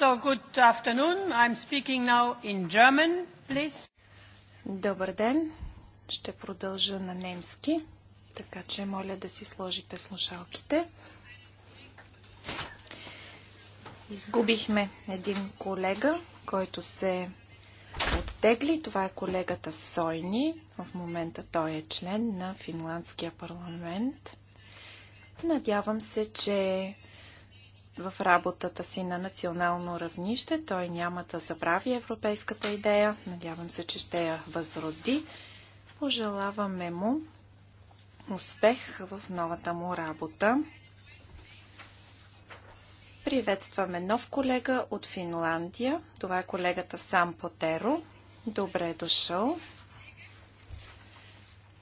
good afternoon. I'm speaking now in German, please. Добър ден. Ще продължа на немски, така че моля да си сложите слушалките. Изгубихме един колега, който се оттегли. Това е колегата Сойни. В момента той е член на финландския парламент. Надявам се, че в работата си на национално равнище. Той няма да забрави европейската идея. Надявам се, че ще я възроди. Пожелаваме му успех в новата му работа. Приветстваме нов колега от Финландия. Това е колегата Сам Потеро. Добре е дошъл.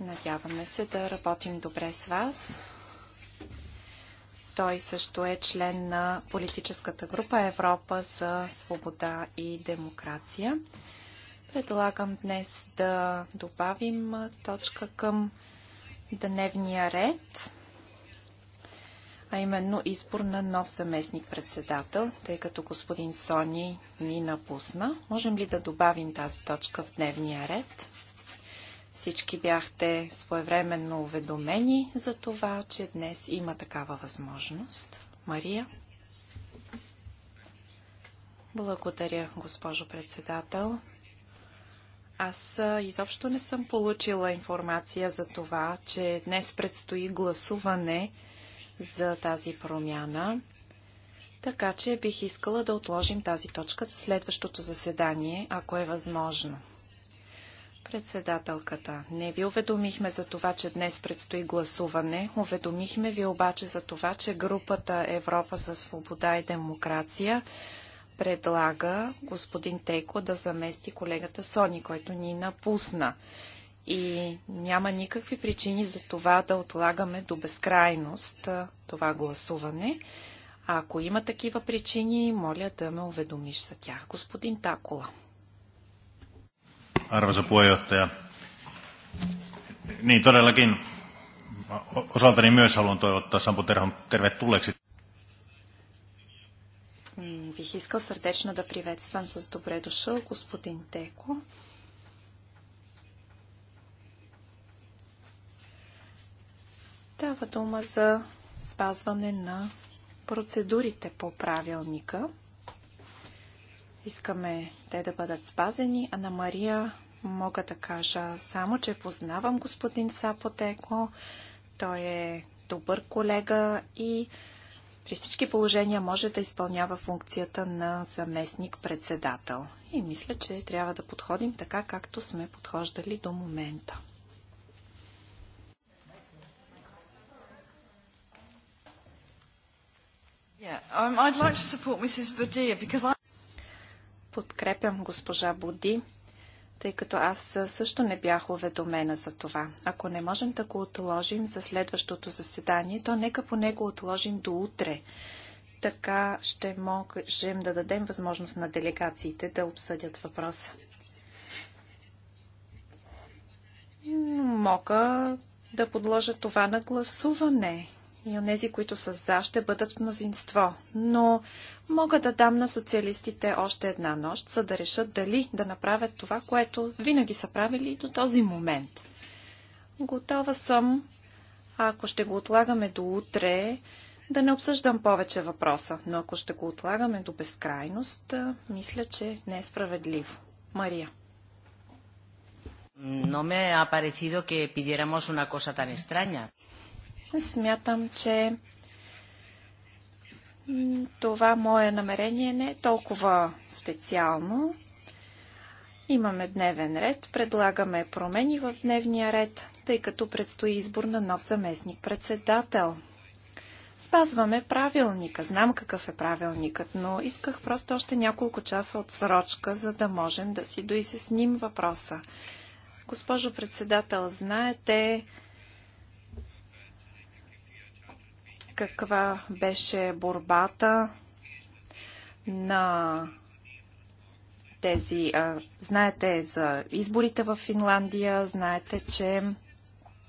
Надяваме се да работим добре с вас. Той също е член на политическата група Европа за свобода и демокрация. Предлагам днес да добавим точка към дневния ред, а именно избор на нов заместник-председател, тъй като господин Сони ни напусна. Можем ли да добавим тази точка в дневния ред? Всички бяхте своевременно уведомени за това, че днес има такава възможност. Мария. Благодаря, госпожо председател. Аз изобщо не съм получила информация за това, че днес предстои гласуване за тази промяна. Така че бих искала да отложим тази точка за следващото заседание, ако е възможно. Председателката, не ви уведомихме за това, че днес предстои гласуване. Уведомихме ви обаче за това, че групата Европа за свобода и демокрация предлага господин Тейко да замести колегата Сони, който ни напусна. И няма никакви причини за това да отлагаме до безкрайност това гласуване. А ако има такива причини, моля да ме уведомиш за тях, господин Такола arvoisa puheenjohtaja. Niin todellakin osaltani myös haluan toivottaa Sampo Terhon tervetulleeksi. Бих искал сърдечно да приветствам с добре дошъл господин Теко. Става дума за спазване на процедурите по правилника. Искаме те да бъдат спазени. а на Мария Мога да кажа само, че познавам господин Сапотеко. Той е добър колега и при всички положения може да изпълнява функцията на заместник-председател. И мисля, че трябва да подходим така, както сме подхождали до момента. Yeah, like I... Подкрепям госпожа Буди, тъй като аз също не бях уведомена за това. Ако не можем да го отложим за следващото заседание, то нека поне го отложим до утре. Така ще можем да дадем възможност на делегациите да обсъдят въпроса. Мога да подложа това на гласуване и онези, които са за, ще бъдат в мнозинство. Но мога да дам на социалистите още една нощ, за да решат дали да направят това, което винаги са правили до този момент. Готова съм, ако ще го отлагаме до утре, да не обсъждам повече въпроса, но ако ще го отлагаме до безкрайност, мисля, че не е справедливо. Мария. No me ha parecido que pidiéramos una cosa tan extraña. Смятам, че това мое намерение не е толкова специално. Имаме дневен ред, предлагаме промени в дневния ред, тъй като предстои избор на нов заместник-председател. Спазваме правилника. Знам какъв е правилникът, но исках просто още няколко часа от срочка, за да можем да си доизясним въпроса. Госпожо председател, знаете, каква беше борбата на тези. А, знаете за изборите в Финландия, знаете, че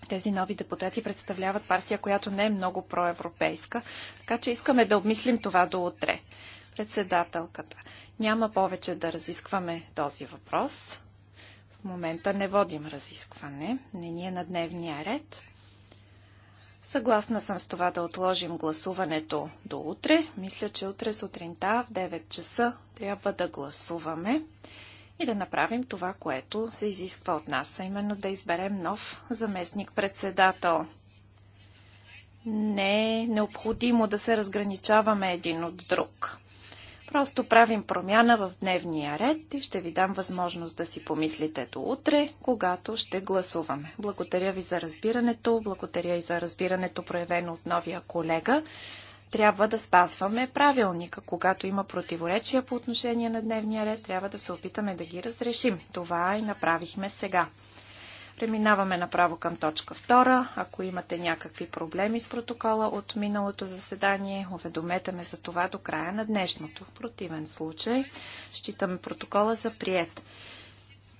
тези нови депутати представляват партия, която не е много проевропейска, така че искаме да обмислим това до утре. Председателката. Няма повече да разискваме този въпрос. В момента не водим разискване, не ни е на дневния ред. Съгласна съм с това да отложим гласуването до утре. Мисля, че утре сутринта в 9 часа трябва да гласуваме и да направим това, което се изисква от нас, а именно да изберем нов заместник-председател. Не е необходимо да се разграничаваме един от друг. Просто правим промяна в дневния ред и ще ви дам възможност да си помислите до утре, когато ще гласуваме. Благодаря ви за разбирането, благодаря и за разбирането проявено от новия колега. Трябва да спазваме правилника. Когато има противоречия по отношение на дневния ред, трябва да се опитаме да ги разрешим. Това и направихме сега. Преминаваме направо към точка 2. Ако имате някакви проблеми с протокола от миналото заседание, уведомете ме за това до края на днешното. В противен случай, считаме протокола за прият.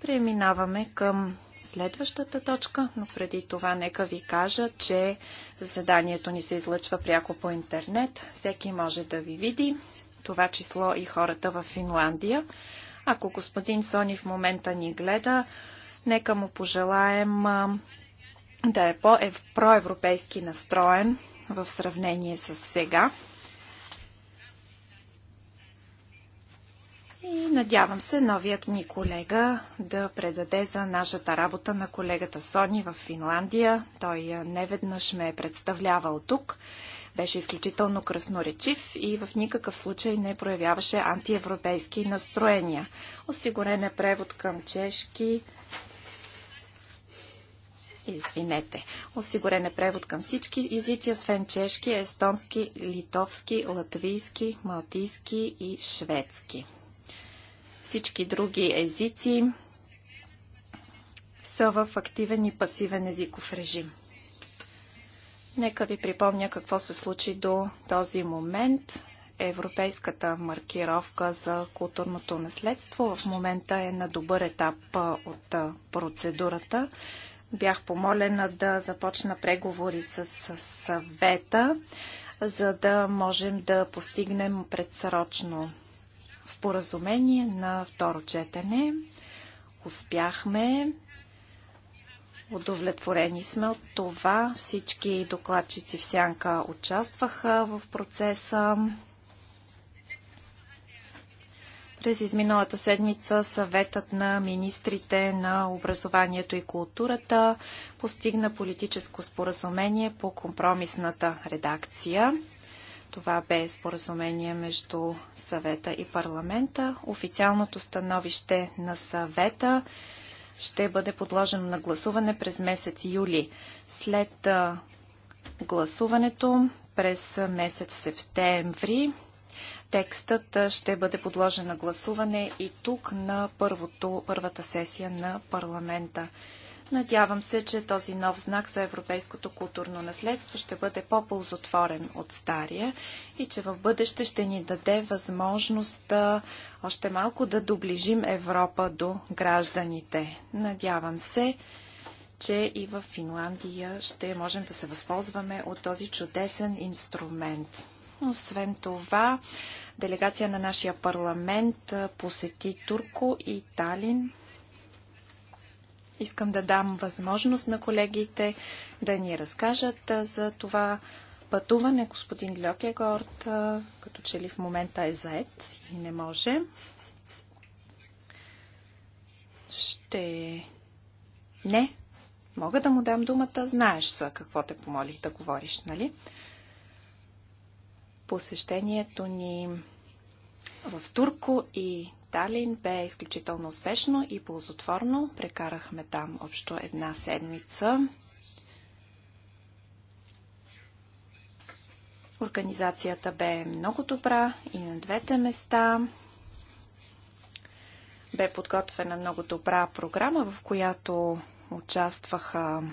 Преминаваме към следващата точка, но преди това нека ви кажа, че заседанието ни се излъчва пряко по интернет. Всеки може да ви види, това число и хората в Финландия. Ако господин Сони в момента ни гледа, Нека му пожелаем да е по-проевропейски настроен в сравнение с сега. И надявам се новият ни колега да предаде за нашата работа на колегата Сони в Финландия. Той неведнъж ме е представлявал тук. Беше изключително красноречив и в никакъв случай не проявяваше антиевропейски настроения. Осигурен е превод към чешки Извинете. Осигурен е превод към всички езици, освен чешки, естонски, литовски, латвийски, малтийски и шведски. Всички други езици са в активен и пасивен езиков режим. Нека ви припомня какво се случи до този момент. Европейската маркировка за културното наследство в момента е на добър етап от процедурата. Бях помолена да започна преговори с съвета, за да можем да постигнем предсрочно споразумение на второ четене. Успяхме. Удовлетворени сме от това. Всички докладчици в Сянка участваха в процеса. През изминалата седмица съветът на министрите на образованието и културата постигна политическо споразумение по компромисната редакция. Това бе споразумение между съвета и парламента. Официалното становище на съвета ще бъде подложено на гласуване през месец юли. След гласуването през месец септември Текстът ще бъде подложен на гласуване и тук на първото, първата сесия на парламента. Надявам се, че този нов знак за европейското културно наследство ще бъде по-ползотворен от стария и че в бъдеще ще ни даде възможност още малко да доближим Европа до гражданите. Надявам се, че и в Финландия ще можем да се възползваме от този чудесен инструмент. Освен това, делегация на нашия парламент посети Турко и Талин. Искам да дам възможност на колегите да ни разкажат за това пътуване. Господин Льокегорд, като че ли в момента е заед и не може. Ще... Не, мога да му дам думата. Знаеш за какво те помолих да говориш, нали? Посещението ни в Турко и Талин бе изключително успешно и ползотворно. Прекарахме там общо една седмица. Организацията бе много добра и на двете места. Бе подготвена много добра програма, в която участваха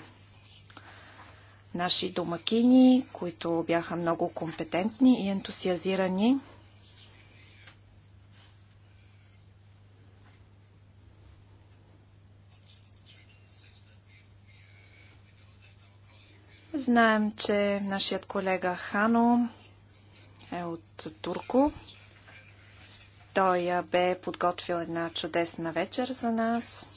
наши домакини, които бяха много компетентни и ентусиазирани. Знаем, че нашият колега Хано е от Турко. Той бе подготвил една чудесна вечер за нас.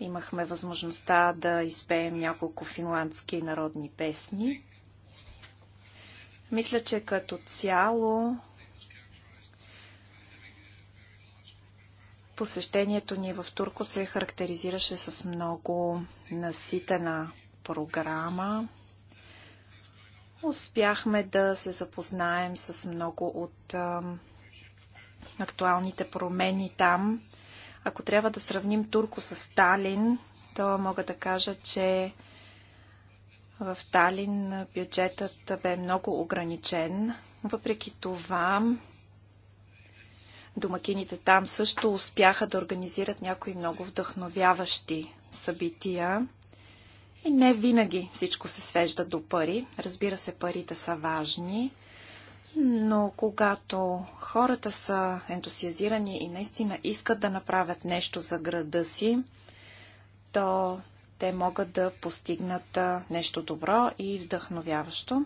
Имахме възможността да изпеем няколко финландски народни песни. Мисля, че като цяло посещението ни в Турко се характеризираше с много наситена програма. Успяхме да се запознаем с много от а, актуалните промени там. Ако трябва да сравним Турко с Талин, то мога да кажа, че в Талин бюджетът бе много ограничен. Въпреки това, домакините там също успяха да организират някои много вдъхновяващи събития. И не винаги всичко се свежда до пари. Разбира се, парите са важни. Но когато хората са ентусиазирани и наистина искат да направят нещо за града си, то те могат да постигнат нещо добро и вдъхновяващо.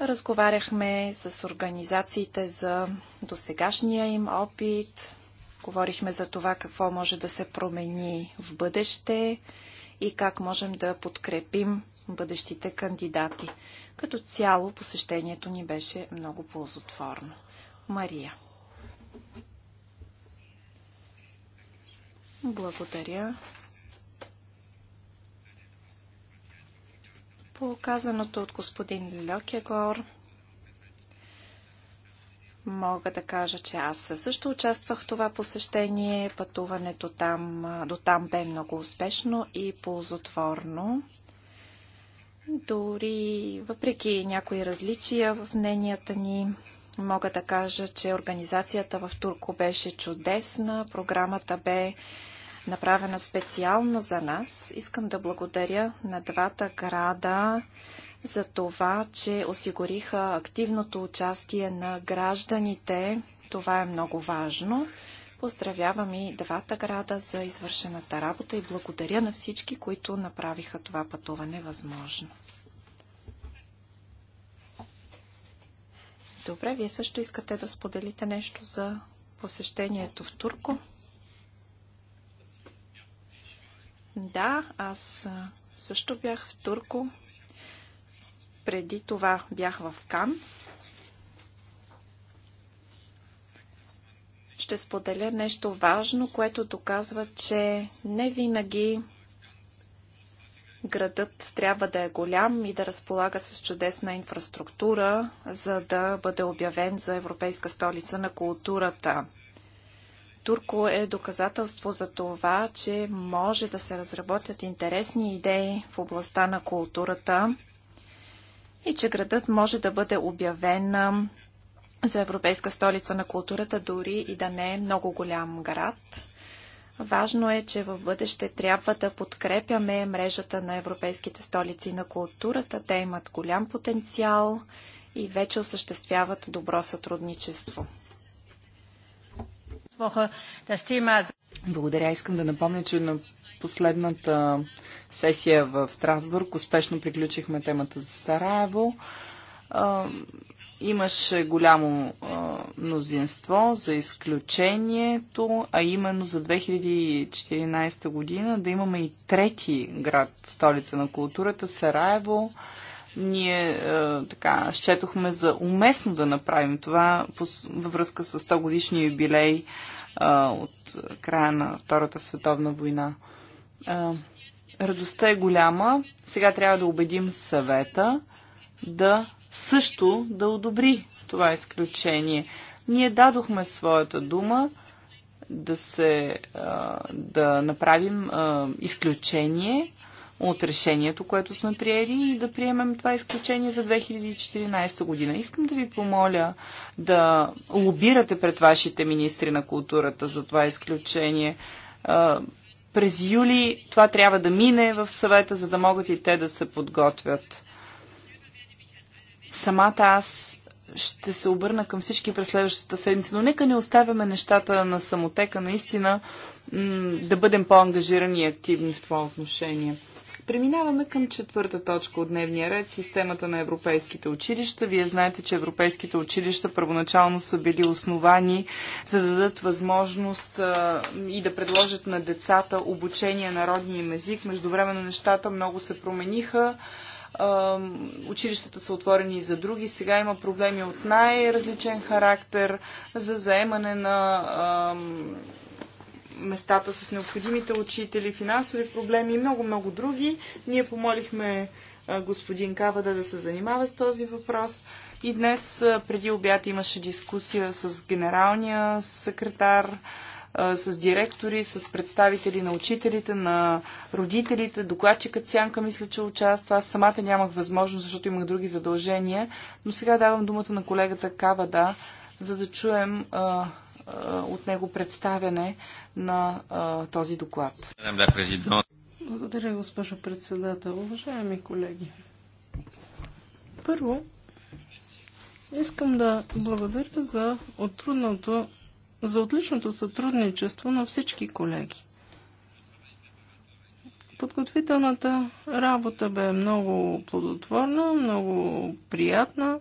Разговаряхме с организациите за досегашния им опит, говорихме за това какво може да се промени в бъдеще и как можем да подкрепим бъдещите кандидати. Като цяло посещението ни беше много ползотворно. Мария. Благодаря. По казаното от господин Льокегор, Мога да кажа, че аз също участвах в това посещение. Пътуването там, до там бе много успешно и ползотворно. Дори въпреки някои различия в мненията ни, мога да кажа, че организацията в Турко беше чудесна. Програмата бе направена специално за нас. Искам да благодаря на двата града за това, че осигуриха активното участие на гражданите. Това е много важно. Поздравявам и двата града за извършената работа и благодаря на всички, които направиха това пътуване възможно. Добре, вие също искате да споделите нещо за посещението в Турко? Да, аз също бях в Турко. Преди това бях в Кан. Ще споделя нещо важно, което доказва, че не винаги градът трябва да е голям и да разполага с чудесна инфраструктура, за да бъде обявен за Европейска столица на културата. Турко е доказателство за това, че може да се разработят интересни идеи в областта на културата, и че градът може да бъде обявен за Европейска столица на културата, дори и да не е много голям град. Важно е, че в бъдеще трябва да подкрепяме мрежата на европейските столици на културата. Те имат голям потенциал и вече осъществяват добро сътрудничество. Благодаря. Искам да напомня, че на последната сесия в Страсбург успешно приключихме темата за Сараево. Имаше голямо мнозинство за изключението, а именно за 2014 година да имаме и трети град, столица на културата, Сараево ние така счетохме за уместно да направим това във връзка с 100 годишния юбилей от края на Втората световна война радостта е голяма. Сега трябва да убедим съвета да също да одобри това изключение. Ние дадохме своята дума да, се, да направим изключение от решението, което сме приели и да приемем това изключение за 2014 година. Искам да ви помоля да лобирате пред вашите министри на културата за това изключение. През юли това трябва да мине в съвета, за да могат и те да се подготвят. Самата аз ще се обърна към всички през следващата седмица, но нека не оставяме нещата на самотека, наистина да бъдем по-ангажирани и активни в това отношение. Преминаваме към четвърта точка от дневния ред системата на европейските училища. Вие знаете, че европейските училища първоначално са били основани за да дадат възможност а, и да предложат на децата обучение на родния език. на нещата много се промениха училищата са отворени и за други. Сега има проблеми от най-различен характер за заемане на местата с необходимите учители, финансови проблеми и много-много други. Ние помолихме господин Кавада да се занимава с този въпрос. И днес преди обяд имаше дискусия с генералния секретар, с директори, с представители на учителите, на родителите, докладчикът Сянка мисля, че участва. Аз самата нямах възможност, защото имах други задължения, но сега давам думата на колегата Кавада, за да чуем от него представяне на този доклад. Благодаря, госпожо председател. Уважаеми колеги, първо искам да благодаря за, трудното, за отличното сътрудничество на всички колеги. Подготвителната работа бе много плодотворна, много приятна.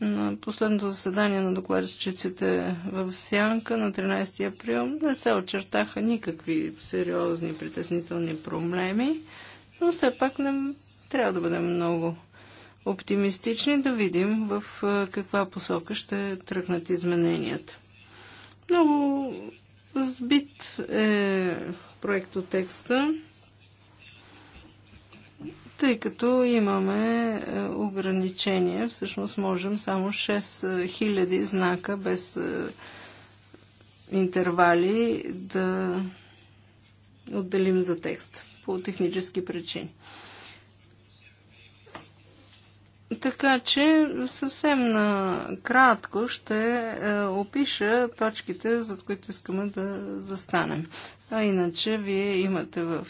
На последното заседание на докладчиците в Сянка на 13 април не се очертаха никакви сериозни притеснителни проблеми, но все пак не трябва да бъдем много оптимистични да видим в каква посока ще тръгнат измененията. Много сбит е текста. Тъй като имаме е, ограничения, всъщност можем само 6000 знака без е, интервали да отделим за текст по технически причини. Така че съвсем накратко ще е, опиша точките, за които искаме да застанем. А иначе вие имате в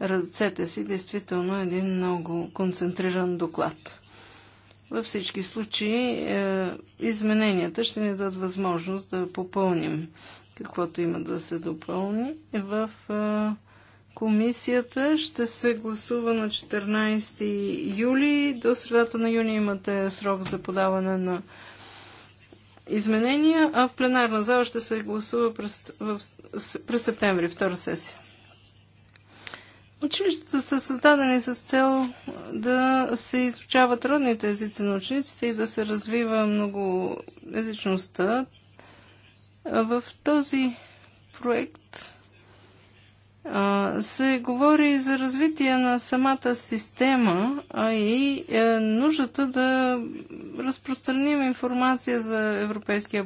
ръцете си действително един много концентриран доклад. Във всички случаи е, измененията ще ни дадат възможност да попълним каквото има да се допълни. В е, комисията ще се гласува на 14 юли. До средата на юни имате срок за подаване на изменения, а в пленарна зала ще се гласува през, в, през септември, втора сесия. Училищата са създадени с цел да се изучават родните езици на учениците и да се развива много езичността. В този проект се говори за развитие на самата система, а и е нуждата да разпространим информация за Европейския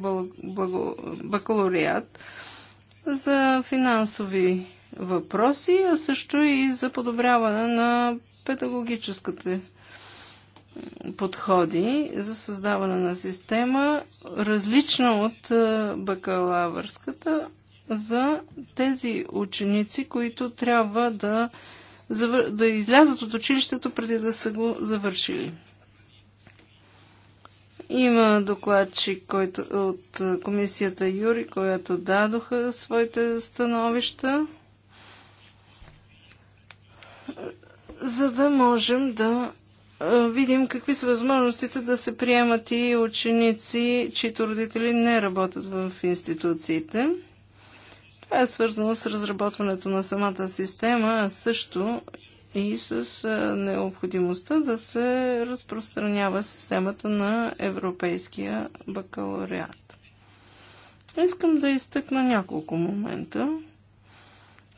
бакалавриат, за финансови въпроси, а също и за подобряване на педагогическите подходи за създаване на система, различна от е, бакалавърската, за тези ученици, които трябва да, да излязат от училището преди да са го завършили. Има докладчик който, от е, комисията Юри, която дадоха своите становища за да можем да видим какви са възможностите да се приемат и ученици, чието родители не работят в институциите. Това е свързано с разработването на самата система, а също и с необходимостта да се разпространява системата на Европейския бакалавриат. Искам да изтъкна няколко момента,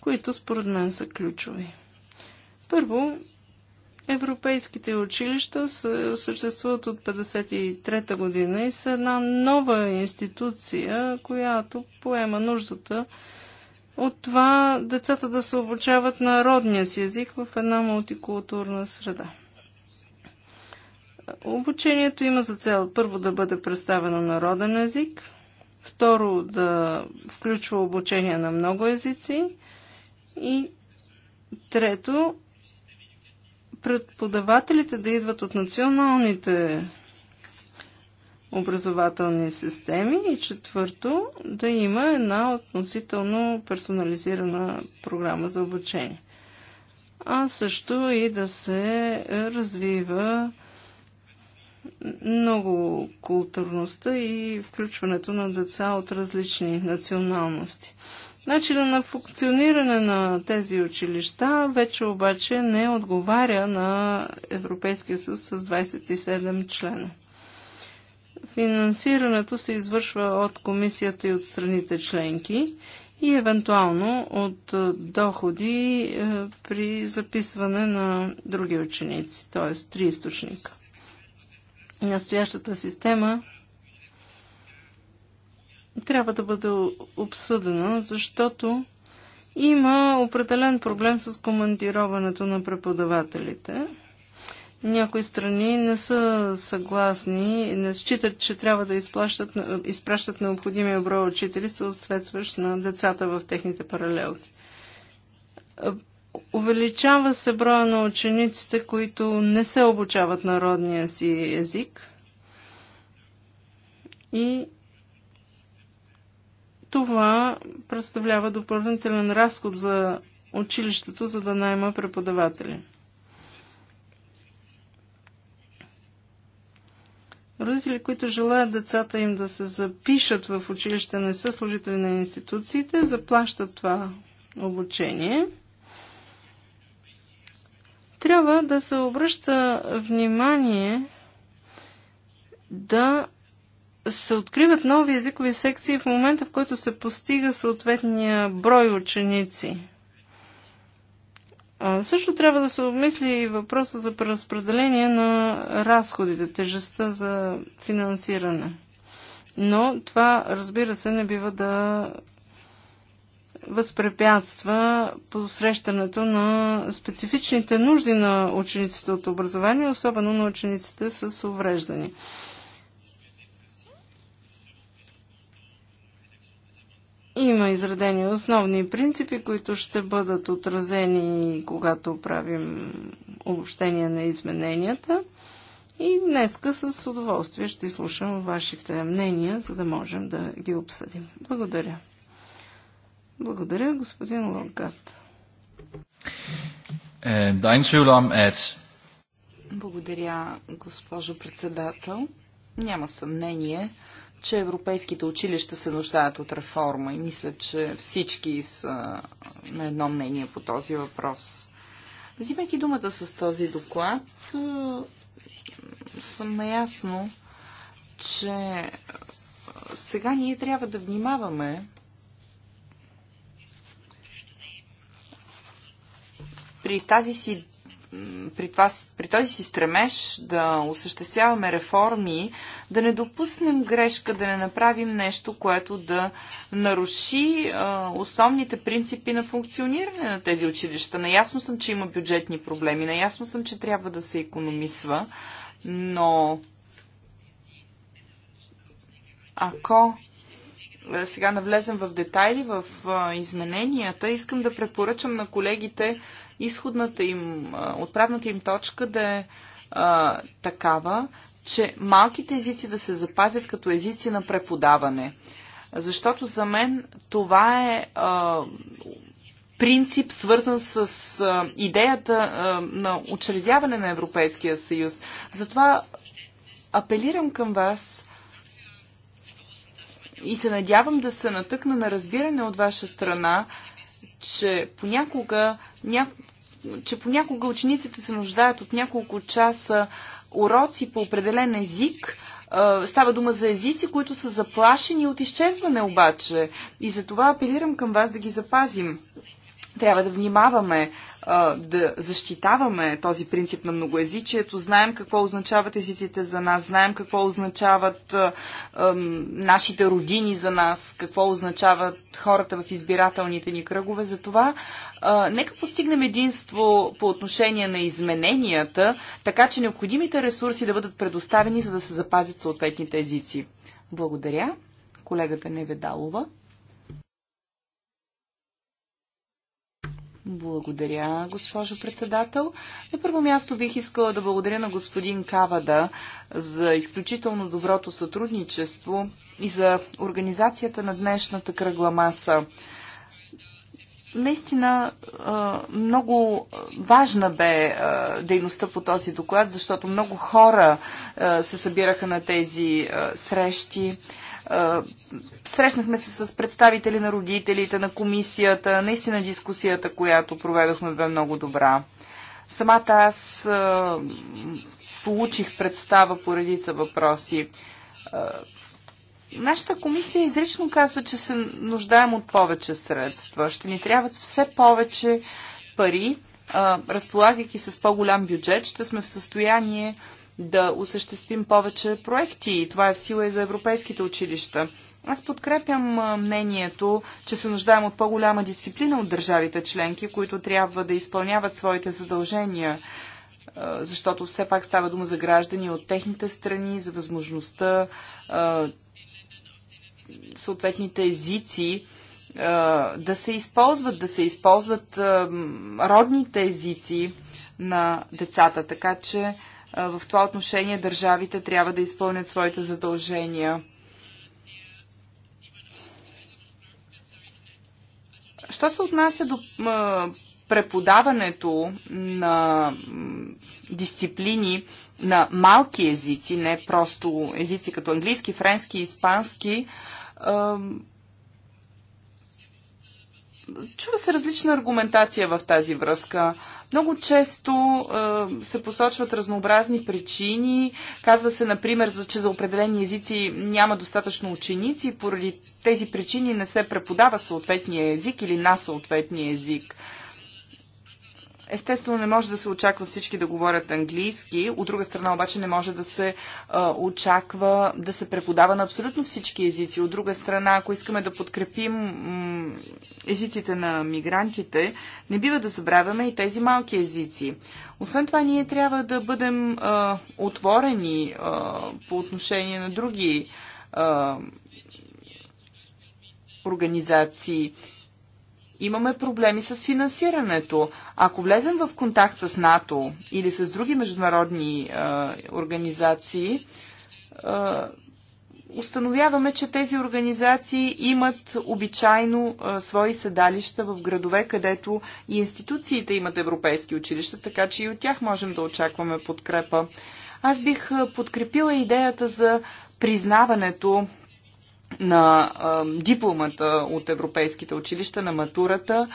които според мен са ключови. Първо, Европейските училища се съществуват от 1953 година и са една нова институция, която поема нуждата от това децата да се обучават на родния си език в една мултикултурна среда. Обучението има за цел първо да бъде представено на роден език, второ да включва обучение на много езици и трето преподавателите да идват от националните образователни системи и четвърто да има една относително персонализирана програма за обучение. А също и да се развива много културността и включването на деца от различни националности. Начина на функциониране на тези училища вече обаче не отговаря на Европейския съюз с 27 члена. Финансирането се извършва от комисията и от страните членки и евентуално от е, доходи е, при записване на други ученици, т.е. три източника. Настоящата система трябва да бъде обсъдена, защото има определен проблем с командироването на преподавателите. Някои страни не са съгласни, не считат, че трябва да изплащат, изпращат необходимия брой учители, съответстващ на децата в техните паралелки. Увеличава се броя на учениците, които не се обучават народния си език и това представлява допълнителен разход за училището, за да найма преподаватели. Родители, които желаят децата им да се запишат в училище, не са служители на институциите, заплащат това обучение. Трябва да се обръща внимание да се откриват нови езикови секции в момента, в който се постига съответния брой ученици. А, също трябва да се обмисли и въпроса за преразпределение на разходите, тежестта за финансиране. Но това, разбира се, не бива да възпрепятства посрещането на специфичните нужди на учениците от образование, особено на учениците с увреждания. Има изредени основни принципи, които ще бъдат отразени, когато правим обобщение на измененията. И днеска с удоволствие ще изслушам вашите мнения, за да можем да ги обсъдим. Благодаря. Благодаря, господин Лонгат. Е, Благодаря, госпожо председател. Няма съмнение, че европейските училища се нуждаят от реформа и мисля, че всички са на едно мнение по този въпрос. Взимайки думата с този доклад, съм наясно, че сега ние трябва да внимаваме при тази си при, това, при този си стремеж да осъществяваме реформи, да не допуснем грешка, да не направим нещо, което да наруши а, основните принципи на функциониране на тези училища. Наясно съм, че има бюджетни проблеми, наясно съм, че трябва да се економисва, но ако е, сега навлезем в детайли, в а, измененията, искам да препоръчам на колегите изходната им, отправната им точка да е а, такава, че малките езици да се запазят като езици на преподаване. Защото за мен това е а, принцип, свързан с а, идеята а, на учредяване на Европейския съюз. Затова апелирам към вас и се надявам да се натъкна на разбиране от ваша страна, че понякога, ня... че понякога учениците се нуждаят от няколко часа уроци по определен език, Става дума за езици, които са заплашени от изчезване обаче. И за това апелирам към вас да ги запазим. Трябва да внимаваме да защитаваме този принцип на многоязичието, знаем какво означават езиците за нас, знаем какво означават нашите родини за нас, какво означават хората в избирателните ни кръгове. Затова нека постигнем единство по отношение на измененията, така че необходимите ресурси да бъдат предоставени, за да се запазят съответните езици. Благодаря. Колегата Неведалова. Благодаря, госпожо председател. На първо място бих искала да благодаря на господин Кавада за изключително доброто сътрудничество и за организацията на днешната кръгла маса. Наистина много важна бе дейността по този доклад, защото много хора се събираха на тези срещи. Срещнахме се с представители на родителите, на комисията. Наистина дискусията, която проведохме, бе много добра. Самата аз получих представа по редица въпроси. Нашата комисия изрично казва, че се нуждаем от повече средства. Ще ни трябват все повече пари. Разполагайки с по-голям бюджет, ще сме в състояние да осъществим повече проекти и това е в сила и за европейските училища. Аз подкрепям мнението, че се нуждаем от по-голяма дисциплина от държавите членки, които трябва да изпълняват своите задължения, защото все пак става дума за граждани от техните страни, за възможността съответните езици да се използват, да се използват родните езици на децата. Така че в това отношение държавите трябва да изпълнят своите задължения. Що се отнася до преподаването на дисциплини на малки езици, не просто езици като английски, френски, испански, Чува се различна аргументация в тази връзка. Много често е, се посочват разнообразни причини. Казва се, например, че за определени езици няма достатъчно ученици и поради тези причини не се преподава съответния език или на съответния език. Естествено, не може да се очаква всички да говорят английски, от друга страна обаче не може да се а, очаква да се преподава на абсолютно всички езици. От друга страна, ако искаме да подкрепим езиците на мигрантите, не бива да забравяме и тези малки езици. Освен това, ние трябва да бъдем а, отворени а, по отношение на други а, организации имаме проблеми с финансирането. Ако влезем в контакт с НАТО или с други международни е, организации, е, установяваме, че тези организации имат обичайно а, е, свои седалища в градове, където и институциите имат европейски училища, така че и от тях можем да очакваме подкрепа. Аз бих е, подкрепила идеята за признаването на а, дипломата от европейските училища, на матурата.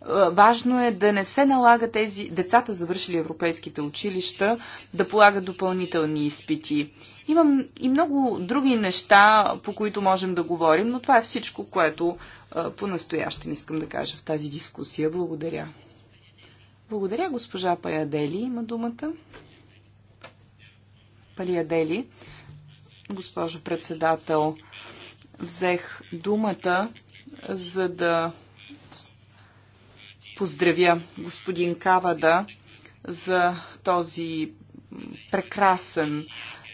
А, важно е да не се налага тези децата, завършили европейските училища, да полагат допълнителни изпити. Имам и много други неща, по които можем да говорим, но това е всичко, което по не искам да кажа в тази дискусия. Благодаря. Благодаря, госпожа Паядели. Има думата. Палиядели, Госпожо председател, взех думата, за да поздравя господин Кавада за този прекрасен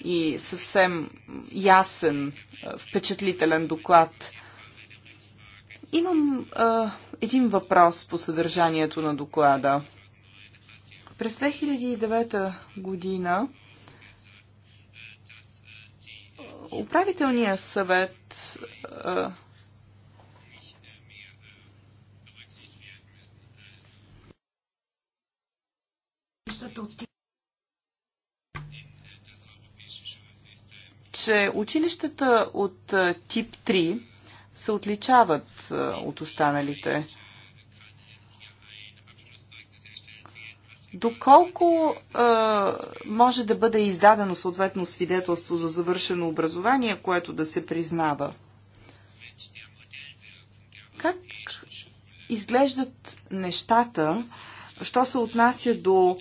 и съвсем ясен, впечатлителен доклад. Имам а, един въпрос по съдържанието на доклада. През 2009 година Управителния съвет че училищата от тип 3 се отличават от останалите Доколко а, може да бъде издадено съответно свидетелство за завършено образование, което да се признава? Как изглеждат нещата, що се отнася до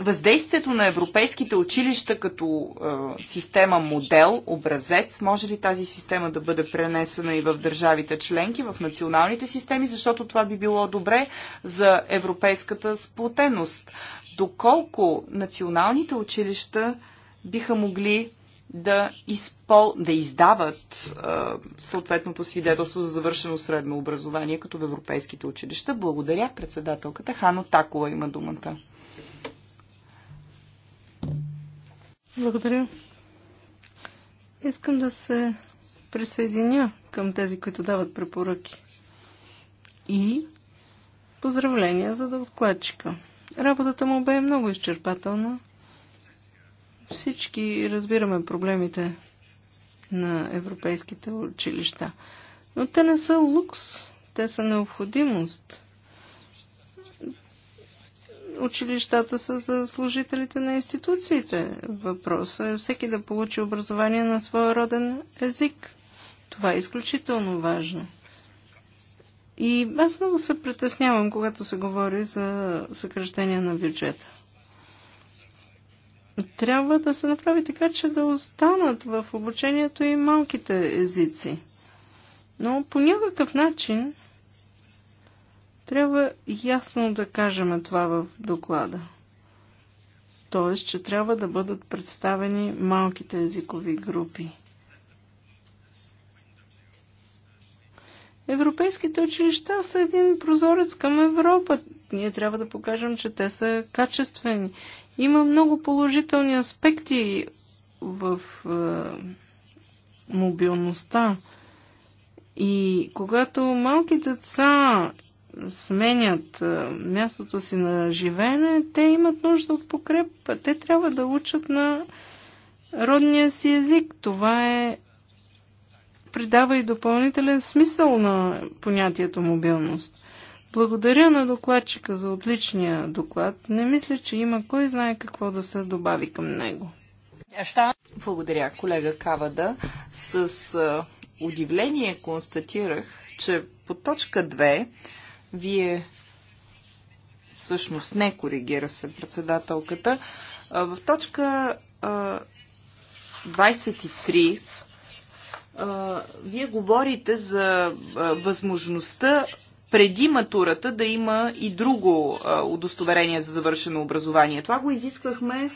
въздействието на европейските училища като е, система модел, образец, може ли тази система да бъде пренесена и в държавите членки, в националните системи, защото това би било добре за европейската сплотеност. Доколко националните училища биха могли да, изпол... да издават е, съответното свидетелство за завършено средно образование, като в европейските училища. Благодаря. Председателката Хано Такова има думата. Благодаря. Искам да се присъединя към тези, които дават препоръки. И поздравления за докладчика. Работата му бе много изчерпателна. Всички разбираме проблемите на европейските училища. Но те не са лукс, те са необходимост училищата са за служителите на институциите. Въпросът е всеки да получи образование на своя роден език. Това е изключително важно. И аз много се притеснявам, когато се говори за съкръщение на бюджета. Трябва да се направи така, че да останат в обучението и малките езици. Но по някакъв начин трябва ясно да кажем това в доклада. Тоест, че трябва да бъдат представени малките езикови групи. Европейските училища са един прозорец към Европа. Ние трябва да покажем, че те са качествени. Има много положителни аспекти в е, мобилността. И когато малките деца сменят мястото си на живеене, те имат нужда от покрепа. Те трябва да учат на родния си език. Това е придава и допълнителен смисъл на понятието мобилност. Благодаря на докладчика за отличния доклад. Не мисля, че има кой знае какво да се добави към него. Благодаря, колега Кавада. С удивление констатирах, че по точка вие всъщност не коригира се председателката. В точка 23 вие говорите за възможността преди матурата да има и друго удостоверение за завършено образование. Това го изисквахме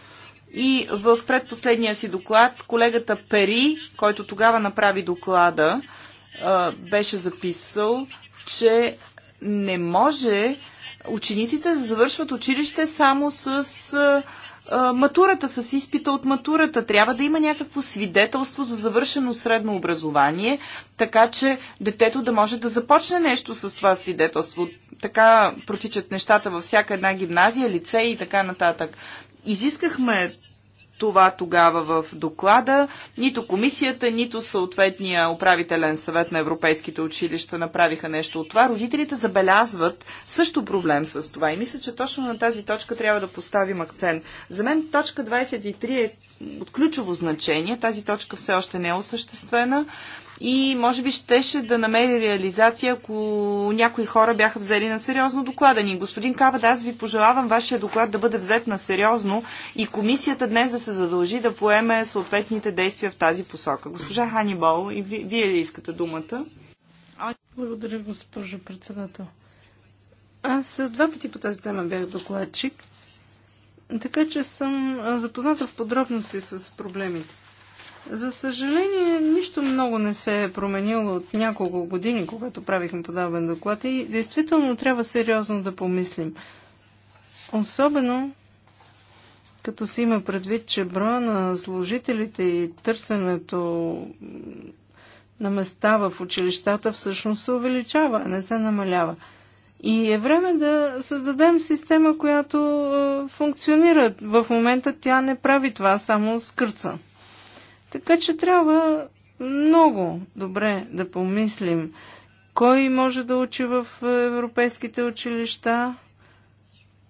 и в предпоследния си доклад колегата Пери, който тогава направи доклада, беше записал, че не може учениците да завършват училище само с матурата, с изпита от матурата. Трябва да има някакво свидетелство за завършено средно образование, така че детето да може да започне нещо с това свидетелство. Така протичат нещата във всяка една гимназия, лице и така нататък. Изискахме това тогава в доклада. Нито комисията, нито съответния управителен съвет на европейските училища направиха нещо от това. Родителите забелязват също проблем с това. И мисля, че точно на тази точка трябва да поставим акцент. За мен точка 23 е от ключово значение. Тази точка все още не е осъществена и може би щеше да намери реализация, ако някои хора бяха взели на сериозно доклада ни. Господин Кава, да аз ви пожелавам вашия доклад да бъде взет на сериозно и комисията днес да се задължи да поеме съответните действия в тази посока. Госпожа Ханибол, и вие ли искате думата. Благодаря, госпожо председател. Аз два пъти по тази тема бях докладчик. Така че съм запозната в подробности с проблемите. За съжаление, нищо много не се е променило от няколко години, когато правихме подобен доклад и действително трябва сериозно да помислим. Особено като се има предвид, че броя на служителите и търсенето на места в училищата всъщност се увеличава, не се намалява. И е време да създадем система, която е, функционира. В момента тя не прави това, само скърца. Така че трябва много добре да помислим кой може да учи в е, европейските училища.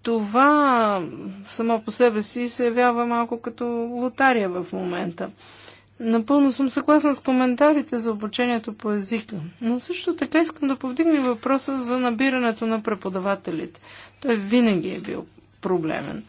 Това само по себе си се явява малко като лотария в момента. Напълно съм съгласна с коментарите за обучението по езика, но също така искам да повдигна въпроса за набирането на преподавателите. Той винаги е бил проблемен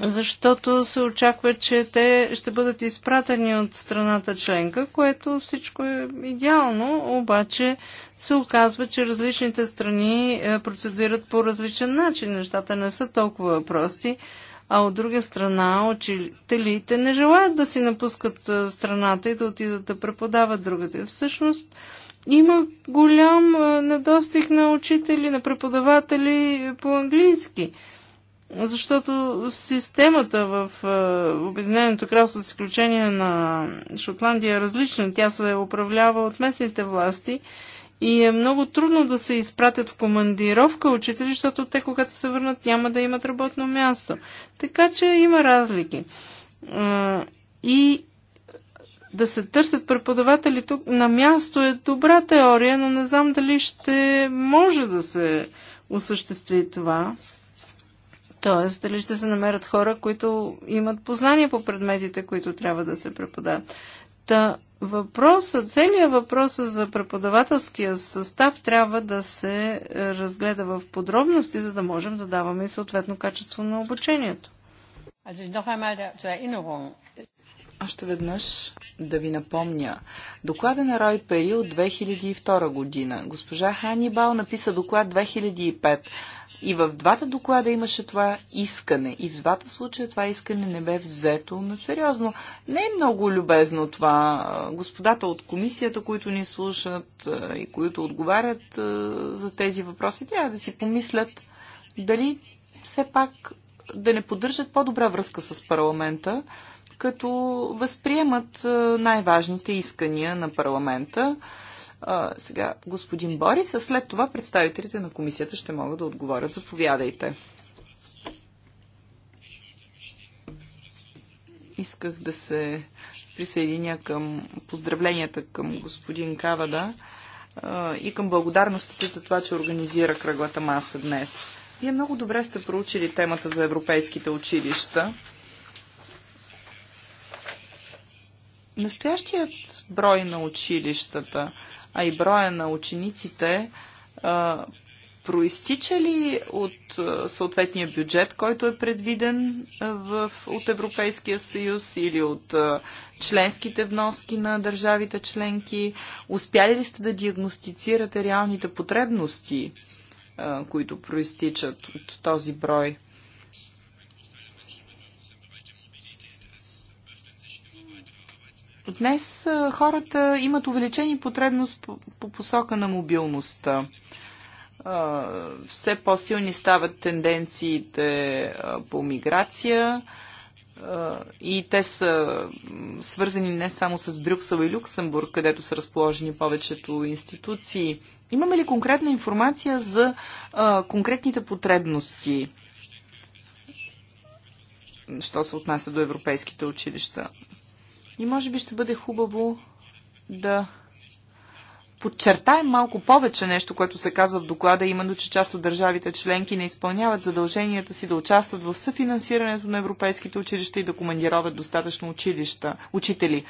защото се очаква, че те ще бъдат изпратени от страната членка, което всичко е идеално, обаче се оказва, че различните страни е, процедират по различен начин. Нещата не са толкова прости, а от друга страна учителите не желаят да си напускат страната и да отидат да преподават другата. Всъщност има голям недостиг на учители, на преподаватели по-английски защото системата в Обединеното кралство, с изключение на Шотландия, е различна. Тя се управлява от местните власти и е много трудно да се изпратят в командировка учители, защото те, когато се върнат, няма да имат работно място. Така че има разлики. И да се търсят преподаватели тук на място е добра теория, но не знам дали ще може да се осъществи това. Тоест, дали ще се намерят хора, които имат познания по предметите, които трябва да се преподават. Та, Въпросът, целият въпрос за преподавателския състав трябва да се разгледа в подробности, за да можем да даваме и съответно качество на обучението. Още веднъж да ви напомня. Доклада на Рой Пери от 2002 година. Госпожа Ханибал написа доклад 2005. И в двата доклада имаше това искане. И в двата случая това искане не бе взето на сериозно. Не е много любезно това. Господата от комисията, които ни слушат и които отговарят за тези въпроси, трябва да си помислят дали все пак да не поддържат по-добра връзка с парламента, като възприемат най-важните искания на парламента а, сега господин Борис, а след това представителите на комисията ще могат да отговорят. Заповядайте. Исках да се присъединя към поздравленията към господин Кавада а, и към благодарностите за това, че организира кръглата маса днес. Вие много добре сте проучили темата за европейските училища. Настоящият брой на училищата а и броя на учениците, проистича ли от съответния бюджет, който е предвиден в, от Европейския съюз или от членските вноски на държавите членки? Успяли ли сте да диагностицирате реалните потребности, които проистичат от този брой Днес хората имат увеличени потребност по посока на мобилността. Все по-силни стават тенденциите по миграция и те са свързани не само с Брюксел и Люксембург, където са разположени повечето институции. Имаме ли конкретна информация за конкретните потребности? що се отнася до европейските училища. И може би ще бъде хубаво да подчертаем малко повече нещо, което се казва в доклада, именно, че част от държавите членки не изпълняват задълженията си да участват в съфинансирането на европейските училища и да командироват достатъчно училища, учители.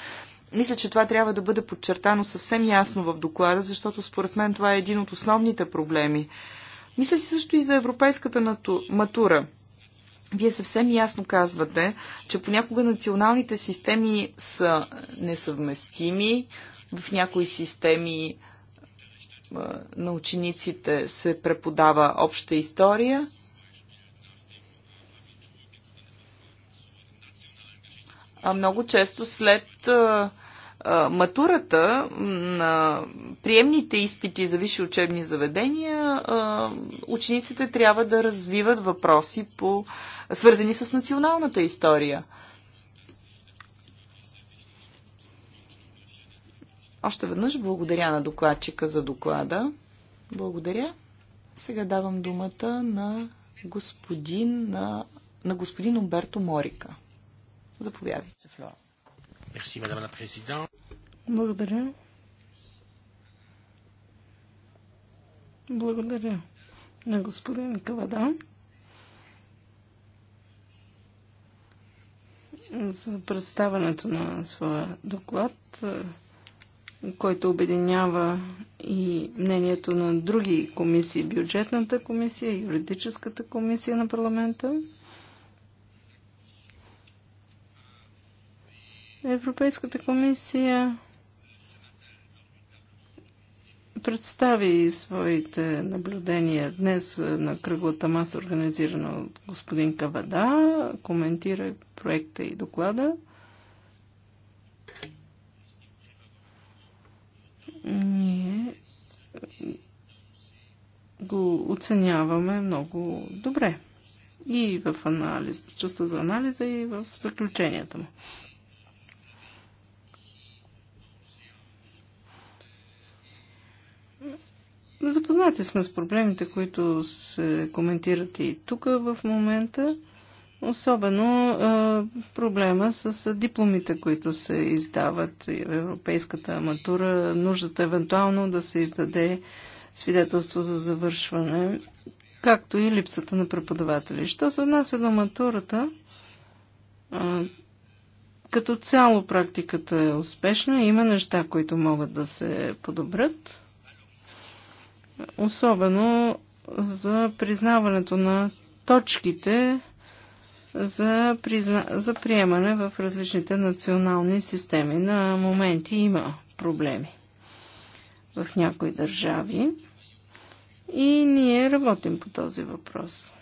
Мисля, че това трябва да бъде подчертано съвсем ясно в доклада, защото според мен това е един от основните проблеми. Мисля си също и за европейската матура. Вие съвсем ясно казвате, че понякога националните системи са несъвместими, в някои системи на учениците се преподава обща история. А много често след а, матурата на приемните изпити за висши учебни заведения, учениците трябва да развиват въпроси по, свързани с националната история. Още веднъж благодаря на докладчика за доклада. Благодаря. Сега давам думата на господин, на, на господин Умберто Морика. Заповядайте. Merci, madame la présidente. Благодаря. Благодаря на господин Кавадан за представането на своя доклад, който обединява и мнението на други комисии, бюджетната комисия, юридическата комисия на парламента. Европейската комисия представи своите наблюдения днес на кръглата маса, организирана от господин Кавада, коментира проекта и доклада. Ние го оценяваме много добре. И в анализ, частта за анализа, и в заключенията му. Запознати сме с проблемите, които се коментират и тук в момента. Особено е, проблема с дипломите, които се издават и в европейската матура, нуждата евентуално да се издаде свидетелство за завършване, както и липсата на преподаватели. Що се отнася до матурата, е, като цяло практиката е успешна, има неща, които могат да се подобрят особено за признаването на точките за, призна... за приемане в различните национални системи. На моменти има проблеми в някои държави и ние работим по този въпрос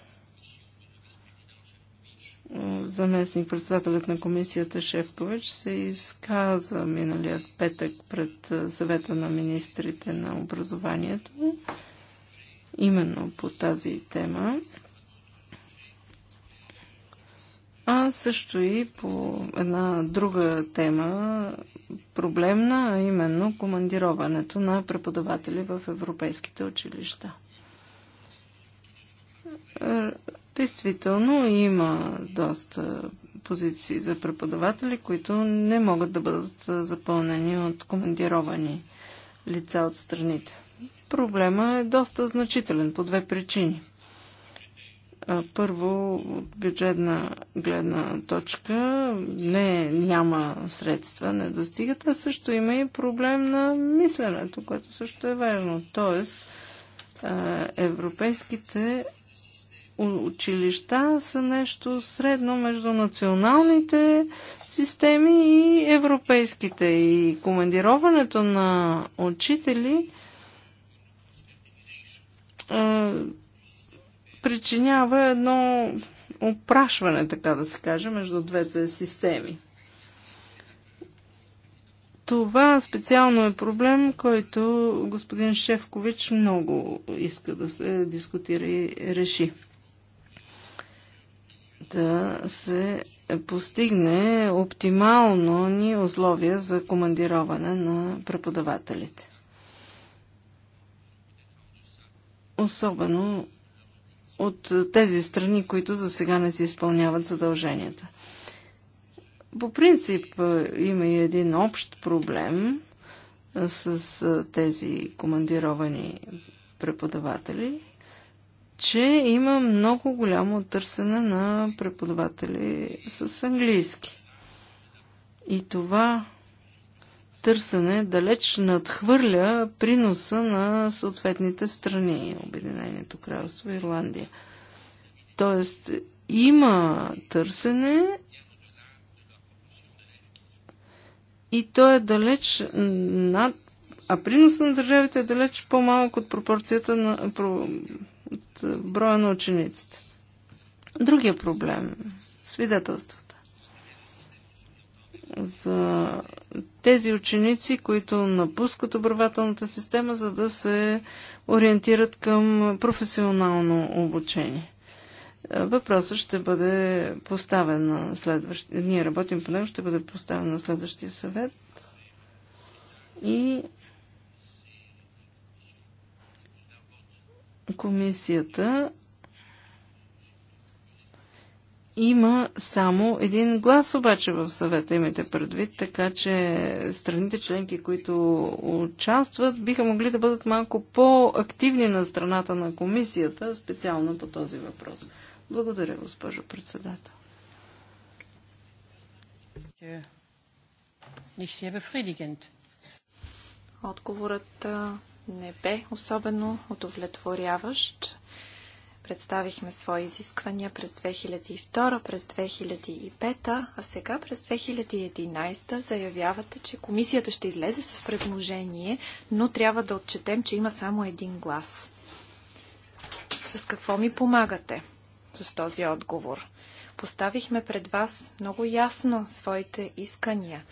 заместник председателят на комисията Шефкович се изказа миналият петък пред съвета на министрите на образованието именно по тази тема. А също и по една друга тема, проблемна, а именно командироването на преподаватели в европейските училища Действително има доста позиции за преподаватели, които не могат да бъдат запълнени от командировани лица от страните. Проблема е доста значителен по две причини. Първо, от бюджетна гледна точка не, няма средства, не достигат, а също има и проблем на мисленето, което също е важно. Тоест, европейските училища са нещо средно между националните системи и европейските. И командироването на учители е, причинява едно опрашване, така да се каже, между двете системи. Това специално е проблем, който господин Шефкович много иска да се дискутира и реши да се постигне оптимално ни условия за командироване на преподавателите. Особено от тези страни, които за сега не си изпълняват задълженията. По принцип е, има и един общ проблем е, с е, тези командировани преподаватели – че има много голямо търсене на преподаватели с английски. И това търсене далеч надхвърля приноса на съответните страни, Обединението кралство и Ирландия. Тоест, има търсене и то е далеч над. А принос на държавите е далеч по-малък от пропорцията на, броя на учениците. Другия проблем – свидетелствата. За тези ученици, които напускат образователната система, за да се ориентират към професионално обучение. Въпросът ще бъде поставен на следващия... Ние работим по него, ще бъде поставен на следващия съвет. И комисията има само един глас обаче в съвета, имайте предвид, така че страните членки, които участват, биха могли да бъдат малко по-активни на страната на комисията, специално по този въпрос. Благодаря, госпожо председател. Е, е Отговорът не бе особено удовлетворяващ. Представихме свои изисквания през 2002, през 2005, а сега през 2011 заявявате, че комисията ще излезе с предложение, но трябва да отчетем, че има само един глас. С какво ми помагате с този отговор? Поставихме пред вас много ясно своите искания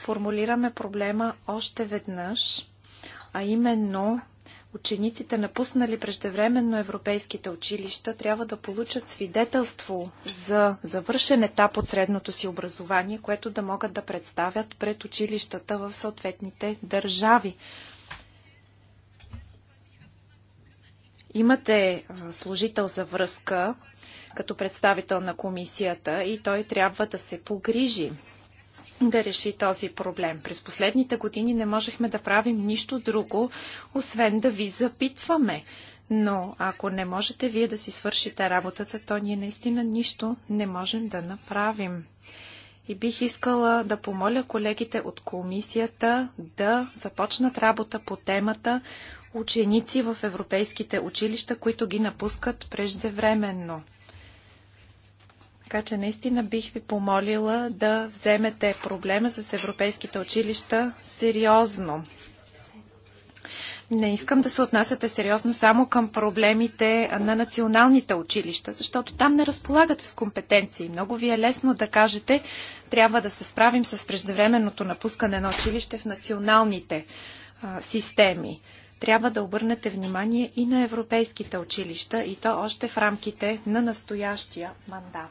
формулираме проблема още веднъж а именно учениците напуснали преждевременно европейските училища трябва да получат свидетелство за завършен етап от средното си образование, което да могат да представят пред училищата в съответните държави. Имате служител за връзка като представител на комисията и той трябва да се погрижи да реши този проблем. През последните години не можехме да правим нищо друго, освен да ви запитваме. Но ако не можете вие да си свършите работата, то ние наистина нищо не можем да направим. И бих искала да помоля колегите от комисията да започнат работа по темата ученици в европейските училища, които ги напускат преждевременно. Така че наистина бих ви помолила да вземете проблема с европейските училища сериозно. Не искам да се отнасяте сериозно само към проблемите на националните училища, защото там не разполагате с компетенции. Много ви е лесно да кажете, трябва да се справим с преждевременното напускане на училище в националните а, системи трябва да обърнете внимание и на европейските училища, и то още в рамките на настоящия мандат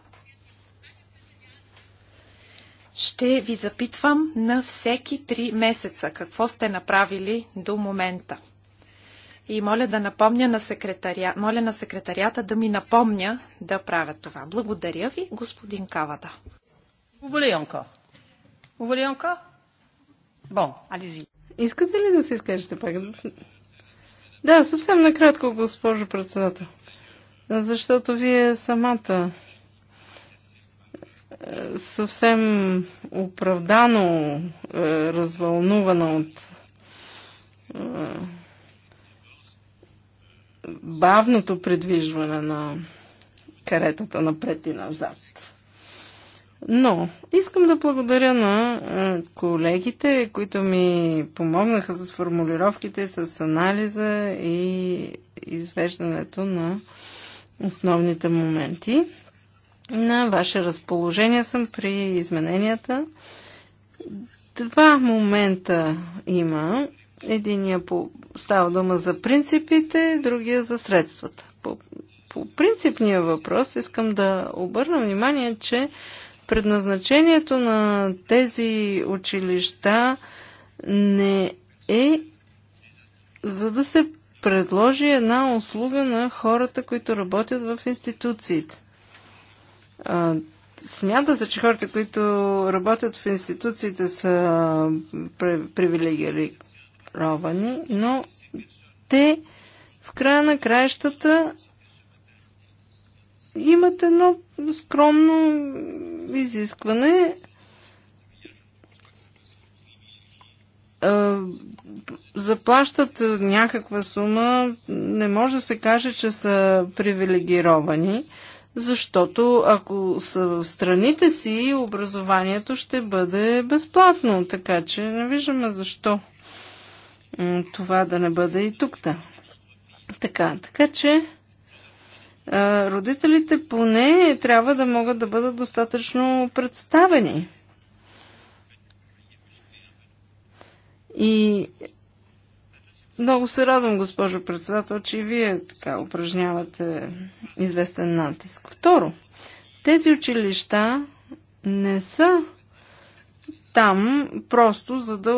ще ви запитвам на всеки три месеца какво сте направили до момента. И моля да напомня на секретаря, моля на секретарята да ми напомня да правя това. Благодаря ви, господин Кавада. Уволионка. Уволионка? Бон, ализи. Искате ли да се изкажете пак? Да, съвсем накратко, госпожо председател. Защото вие самата съвсем оправдано е, развълнувана от е, бавното придвижване на каретата напред и назад. Но искам да благодаря на е, колегите, които ми помогнаха с формулировките, с анализа и извеждането на основните моменти. На ваше разположение съм при измененията. Два момента има. Единия по... става дума за принципите, другия за средствата. По, по принципния въпрос искам да обърна внимание, че предназначението на тези училища не е за да се предложи една услуга на хората, които работят в институциите смята се, че хората, които работят в институциите са привилегировани, но те в края на краищата имат едно скромно изискване заплащат някаква сума, не може да се каже, че са привилегировани, защото ако са в страните си, образованието ще бъде безплатно, така че не виждаме защо това да не бъде и тук. Да. Така, така че родителите поне трябва да могат да бъдат достатъчно представени. И много се радвам, госпожо председател, че и вие така упражнявате известен натиск. Второ, тези училища не са там просто за да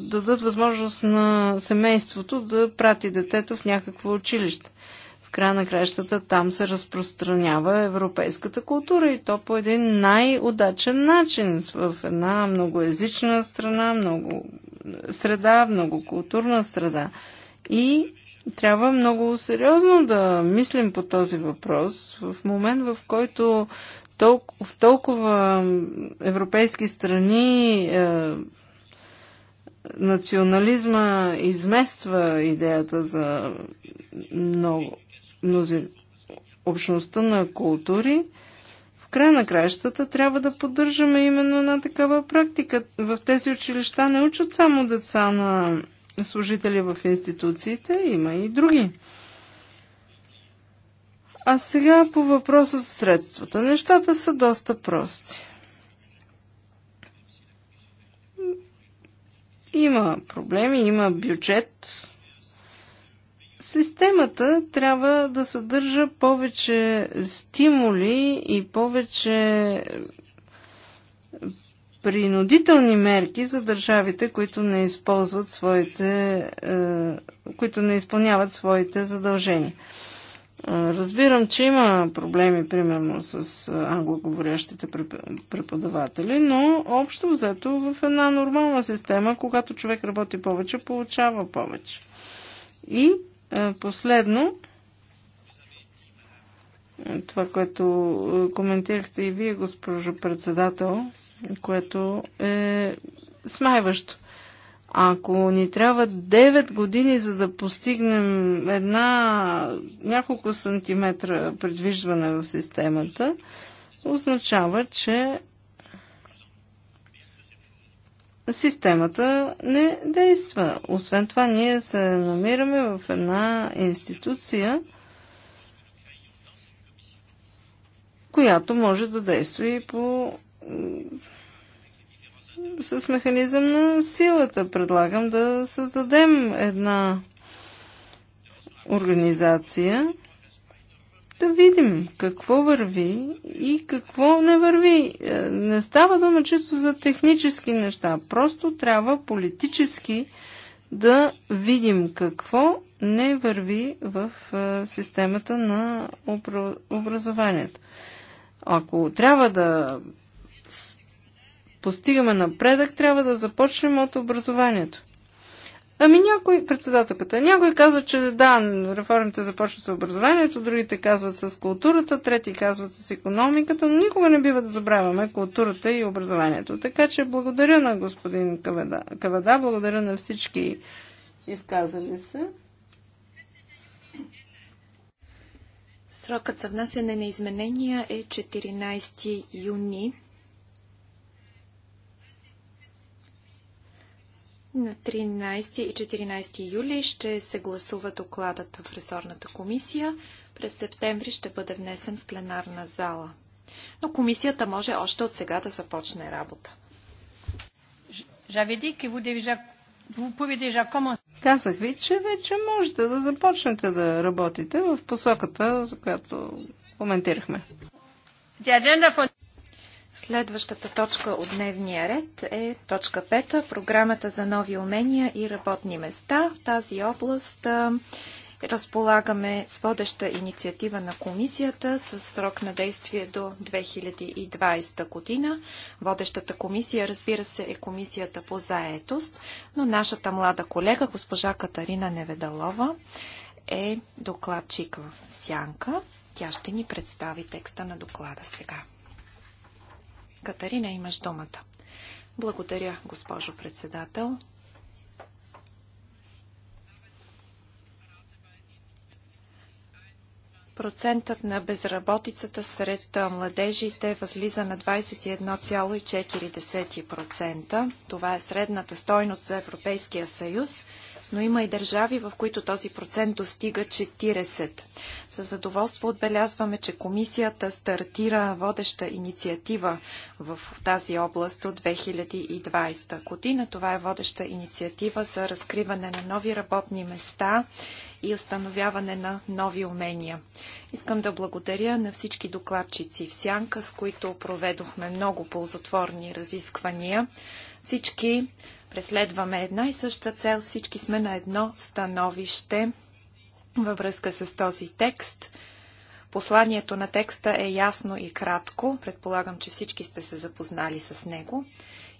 дадат възможност на семейството да прати детето в някакво училище края на кращата там се разпространява европейската култура и то по един най-удачен начин в една многоязична страна, много среда, многокултурна среда. И трябва много сериозно да мислим по този въпрос в момент, в който в толкова европейски страни е, национализма измества идеята за много мнози... общността на култури, в края на краищата трябва да поддържаме именно една такава практика. В тези училища не учат само деца на служители в институциите, има и други. А сега по въпроса за средствата. Нещата са доста прости. Има проблеми, има бюджет, Системата трябва да съдържа повече стимули и повече принудителни мерки за държавите, които не използват своите, е, които не изпълняват своите задължения. Е, разбирам, че има проблеми, примерно, с е, англоговорящите преподаватели, но общо взето в една нормална система, когато човек работи повече, получава повече. И е, последно, това, което е, коментирахте и вие, госпожо председател, което е смайващо. Ако ни трябва 9 години, за да постигнем една няколко сантиметра предвижване в системата, означава, че системата не действа. Освен това, ние се намираме в една институция, която може да действа и по с механизъм на силата. Предлагам да създадем една организация, да видим какво върви и какво не върви. Е, не става дума чисто за технически неща, просто трябва политически да видим какво не върви в е, системата на образованието. Ако трябва да постигаме напредък, трябва да започнем от образованието. Ами някой, председателката, някой казва, че да, реформите започват с образованието, другите казват с културата, трети казват с економиката, но никога не бива да забравяме културата и образованието. Така че благодаря на господин Кавада, благодаря на всички изказали се. Срокът за внасяне на изменения е 14 юни На 13 и 14 юли ще се гласува докладът в ресорната комисия. През септември ще бъде внесен в пленарна зала. Но комисията може още от сега да започне работа. Казах ви, че вече можете да започнете да работите в посоката, за която коментирахме. Следващата точка от дневния ред е точка 5. Програмата за нови умения и работни места. В тази област разполагаме с водеща инициатива на комисията с срок на действие до 2020 година. Водещата комисия, разбира се, е комисията по заетост, но нашата млада колега, госпожа Катарина Неведалова, е докладчик в Сянка. Тя ще ни представи текста на доклада сега. Катарина, имаш думата. Благодаря, госпожо председател. Процентът на безработицата сред младежите възлиза на 21,4%. Това е средната стойност за Европейския съюз но има и държави, в които този процент достига 40. С задоволство отбелязваме, че комисията стартира водеща инициатива в тази област от 2020 година. Това е водеща инициатива за разкриване на нови работни места и установяване на нови умения. Искам да благодаря на всички докладчици в Сянка, с които проведохме много ползотворни разисквания. Всички преследваме една и съща цел, всички сме на едно становище във връзка с този текст. Посланието на текста е ясно и кратко. Предполагам, че всички сте се запознали с него.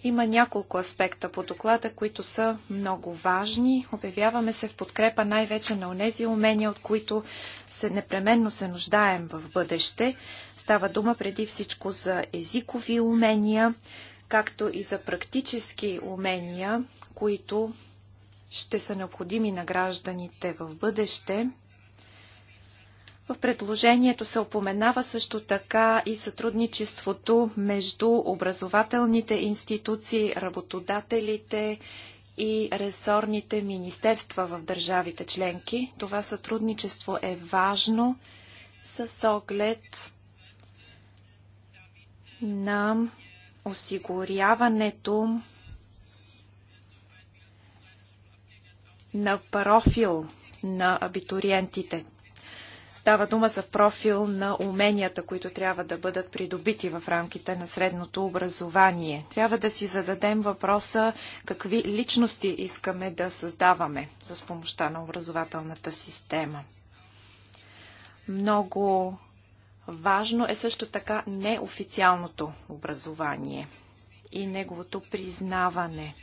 Има няколко аспекта по доклада, които са много важни. Обявяваме се в подкрепа най-вече на онези умения, от които се непременно се нуждаем в бъдеще. Става дума преди всичко за езикови умения, както и за практически умения, които ще са необходими на гражданите в бъдеще. В предложението се опоменава също така и сътрудничеството между образователните институции, работодателите и ресорните министерства в държавите членки. Това сътрудничество е важно с оглед на осигуряването на профил на абитуриентите. Става дума за профил на уменията, които трябва да бъдат придобити в рамките на средното образование. Трябва да си зададем въпроса какви личности искаме да създаваме с помощта на образователната система. Много Важно е също така неофициалното образование и неговото признаване.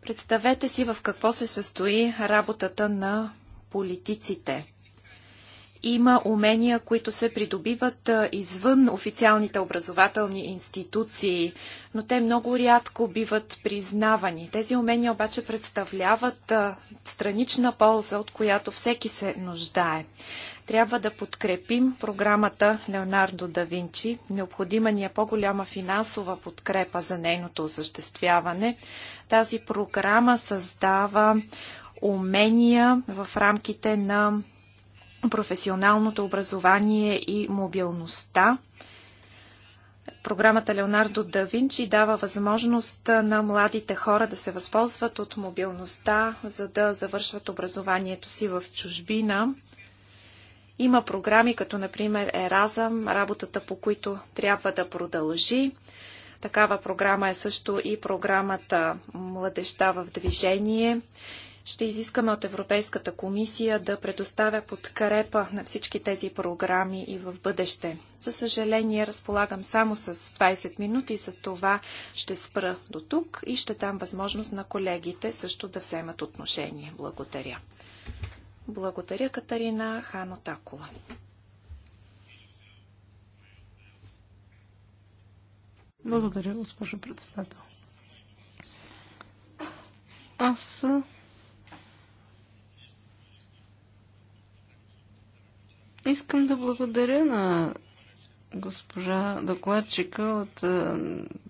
Представете си в какво се състои работата на политиците има умения, които се придобиват извън официалните образователни институции, но те много рядко биват признавани. Тези умения обаче представляват странична полза, от която всеки се нуждае. Трябва да подкрепим програмата Леонардо да Винчи. Необходима ни е по-голяма финансова подкрепа за нейното осъществяване. Тази програма създава умения в рамките на професионалното образование и мобилността. Програмата Леонардо да Винчи дава възможност на младите хора да се възползват от мобилността, за да завършват образованието си в чужбина. Има програми, като например Еразъм, работата по които трябва да продължи. Такава програма е също и програмата Младеща в движение ще изискаме от Европейската комисия да предоставя подкрепа на всички тези програми и в бъдеще. За съжаление, разполагам само с 20 минути, за това ще спра до тук и ще дам възможност на колегите също да вземат отношение. Благодаря. Благодаря, Катарина Хано Такова. Благодаря, госпожо председател. Аз Искам да благодаря на госпожа докладчика от е,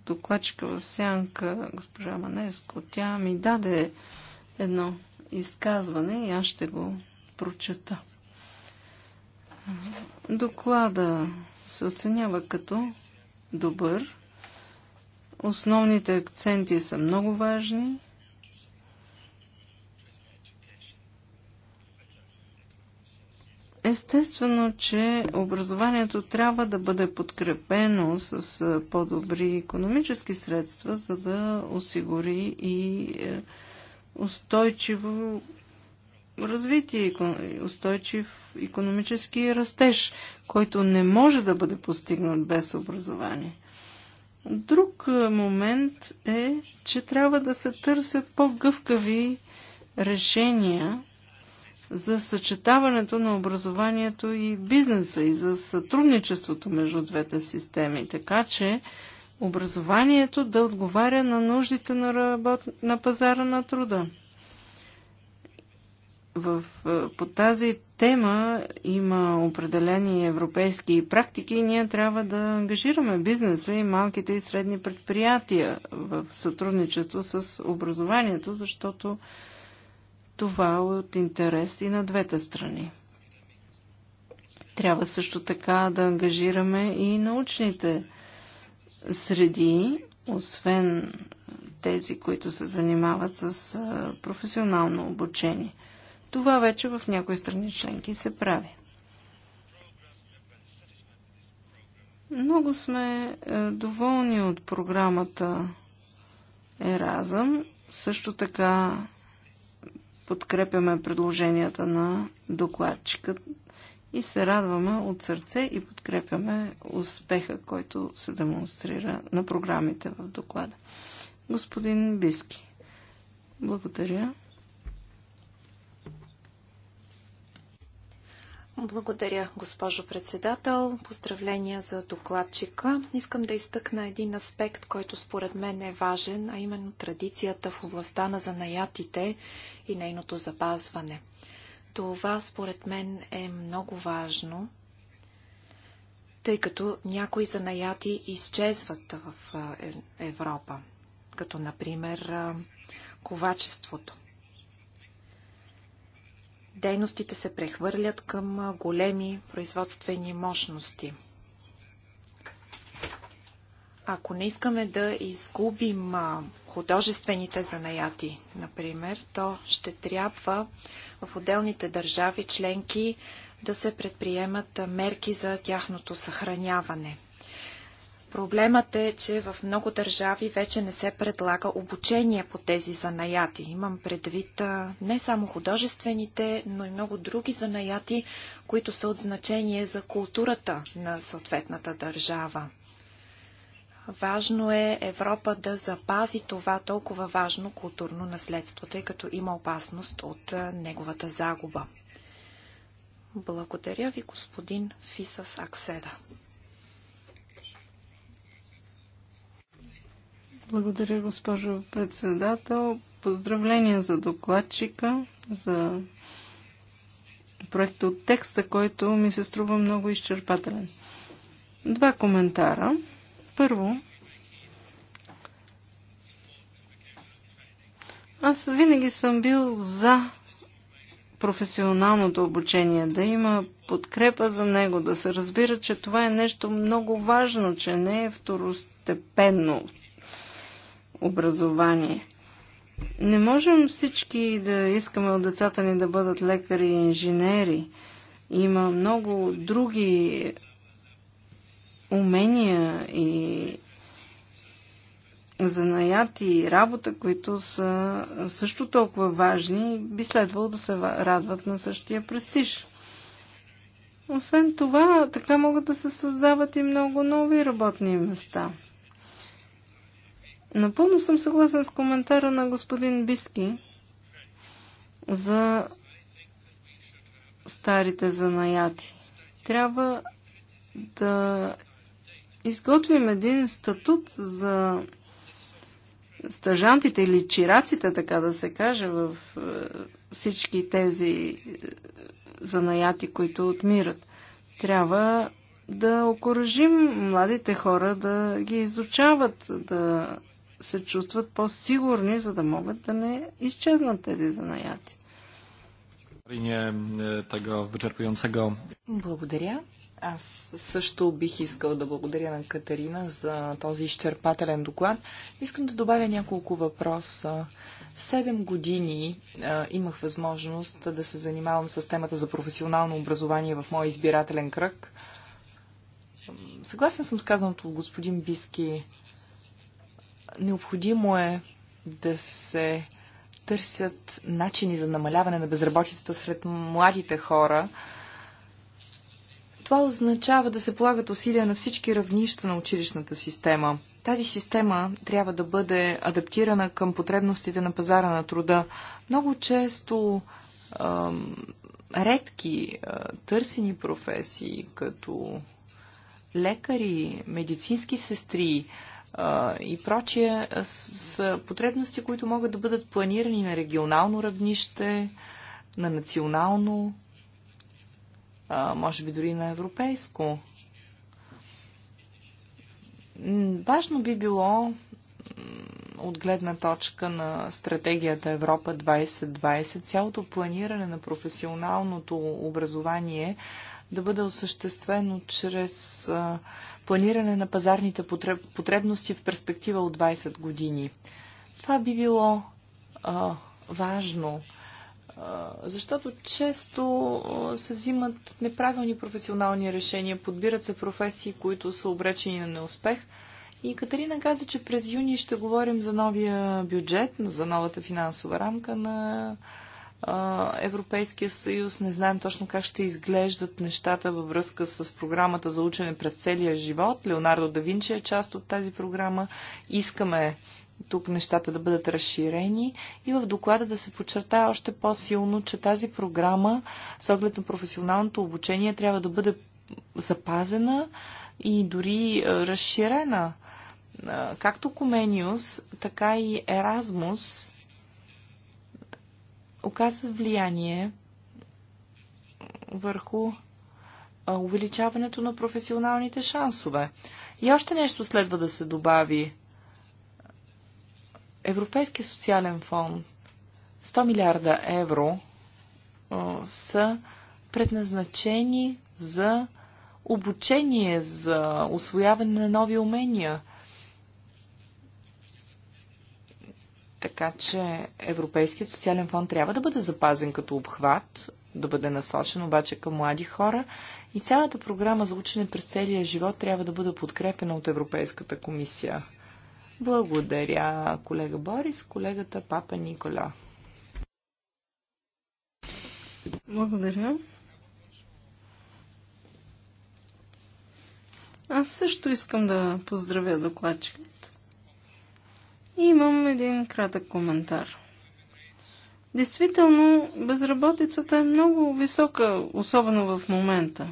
докладчика в Сянка, госпожа Манеско. Тя ми даде едно изказване и аз ще го прочета. Доклада се оценява като добър. Основните акценти са много важни. Естествено, че образованието трябва да бъде подкрепено с по-добри економически средства, за да осигури и е, устойчиво развитие, устойчив економически растеж, който не може да бъде постигнат без образование. Друг е, момент е, че трябва да се търсят по-гъвкави решения за съчетаването на образованието и бизнеса и за сътрудничеството между двете системи. Така че образованието да отговаря на нуждите на, работ... на пазара на труда. В, е, по тази тема има определени европейски практики и ние трябва да ангажираме бизнеса и малките и средни предприятия в сътрудничество с образованието, защото това е от интерес и на двете страни. Трябва също така да ангажираме и научните среди, освен тези, които се занимават с професионално обучение. Това вече в някои страни членки се прави. Много сме е, доволни от програмата Еразъм. Също така подкрепяме предложенията на докладчика и се радваме от сърце и подкрепяме успеха, който се демонстрира на програмите в доклада. Господин Биски, благодаря. Благодаря, госпожо председател. Поздравления за докладчика. Искам да изтъкна един аспект, който според мен е важен, а именно традицията в областта на занаятите и нейното запазване. Това според мен е много важно, тъй като някои занаяти изчезват в е, Европа, като например ковачеството дейностите се прехвърлят към големи производствени мощности. Ако не искаме да изгубим художествените занаяти, например, то ще трябва в отделните държави членки да се предприемат мерки за тяхното съхраняване. Проблемът е, че в много държави вече не се предлага обучение по тези занаяти. Имам предвид не само художествените, но и много други занаяти, които са от значение за културата на съответната държава. Важно е Европа да запази това толкова важно културно наследство, тъй като има опасност от неговата загуба. Благодаря ви, господин Фисас Акседа. Благодаря, госпожо председател. Поздравления за докладчика, за проекта от текста, който ми се струва много изчерпателен. Два коментара. Първо, аз винаги съм бил за професионалното обучение, да има подкрепа за него, да се разбира, че това е нещо много важно, че не е второстепенно, образование. Не можем всички да искаме от децата ни да бъдат лекари и инженери. Има много други умения и занаяти и работа, които са също толкова важни и би следвало да се радват на същия престиж. Освен това, така могат да се създават и много нови работни места – Напълно съм съгласен с коментара на господин Биски за старите занаяти. Трябва да изготвим един статут за стъжантите или чираците, така да се каже, в е, всички тези е, занаяти, които отмират. Трябва да окоръжим младите хора да ги изучават, да се чувстват по-сигурни, за да могат да не изчезнат тези занаяти. Е, благодаря. Аз също бих искал да благодаря на Катерина за този изчерпателен доклад. Искам да добавя няколко въпроса. Седем години а, е, имах възможност да се занимавам с темата за професионално образование в моя избирателен кръг. Съгласен съм с казаното господин Биски. Необходимо е да се търсят начини за намаляване на безработицата сред младите хора. Това означава да се полагат усилия на всички равнища на училищната система. Тази система трябва да бъде адаптирана към потребностите на пазара на труда. Много често е, редки е, търсени професии, като лекари, медицински сестри, и прочие, са потребности, които могат да бъдат планирани на регионално равнище, на национално, а, може би дори на европейско. Важно би било от гледна точка на стратегията Европа 2020, цялото планиране на професионалното образование да бъде осъществено чрез планиране на пазарните потребности в перспектива от 20 години. Това би било а, важно, а, защото често се взимат неправилни професионални решения, подбират се професии, които са обречени на неуспех. И Катерина каза, че през юни ще говорим за новия бюджет, за новата финансова рамка на Европейския съюз. Не знаем точно как ще изглеждат нещата във връзка с програмата за учене през целия живот. Леонардо да Винчи е част от тази програма. Искаме тук нещата да бъдат разширени и в доклада да се подчертая още по-силно, че тази програма с оглед на професионалното обучение трябва да бъде запазена и дори е, разширена. Както Комениус, така и Еразмус оказват влияние върху увеличаването на професионалните шансове. И още нещо следва да се добави. Европейския социален фонд 100 милиарда евро са предназначени за обучение, за освояване на нови умения – Така че Европейския социален фонд трябва да бъде запазен като обхват, да бъде насочен обаче към млади хора и цялата програма за учене през целия живот трябва да бъде подкрепена от Европейската комисия. Благодаря, колега Борис, колегата Папа Никола. Благодаря. Аз също искам да поздравя докладчика. И имам един кратък коментар. Действително, безработицата е много висока, особено в момента.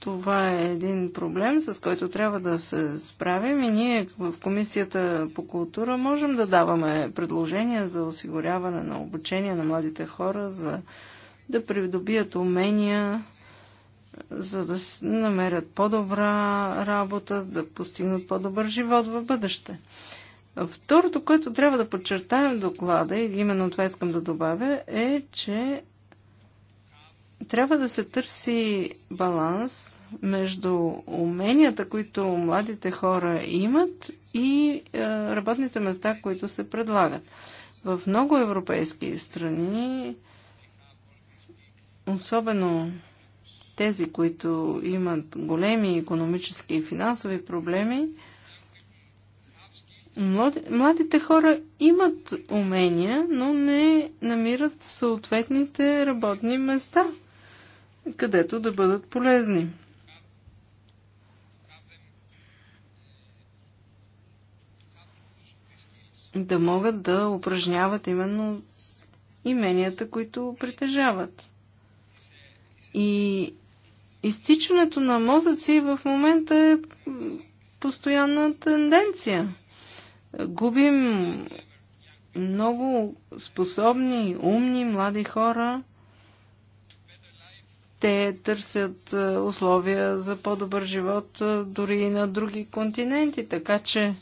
Това е един проблем, с който трябва да се справим и ние в Комисията по култура можем да даваме предложения за осигуряване на обучение на младите хора, за да придобият умения, за да намерят по-добра работа, да постигнат по-добър живот в бъдеще. Второто, което трябва да подчертаем доклада, и именно това искам да добавя, е, че трябва да се търси баланс между уменията, които младите хора имат и е, работните места, които се предлагат. В много европейски страни, особено тези, които имат големи економически и финансови проблеми, младите хора имат умения, но не намират съответните работни места, където да бъдат полезни. Да могат да упражняват именно именията, които притежават. И изтичането на мозъци в момента е постоянна тенденция. Губим много способни, умни, млади хора. Те търсят е, условия за по-добър живот е, дори и на други континенти, така че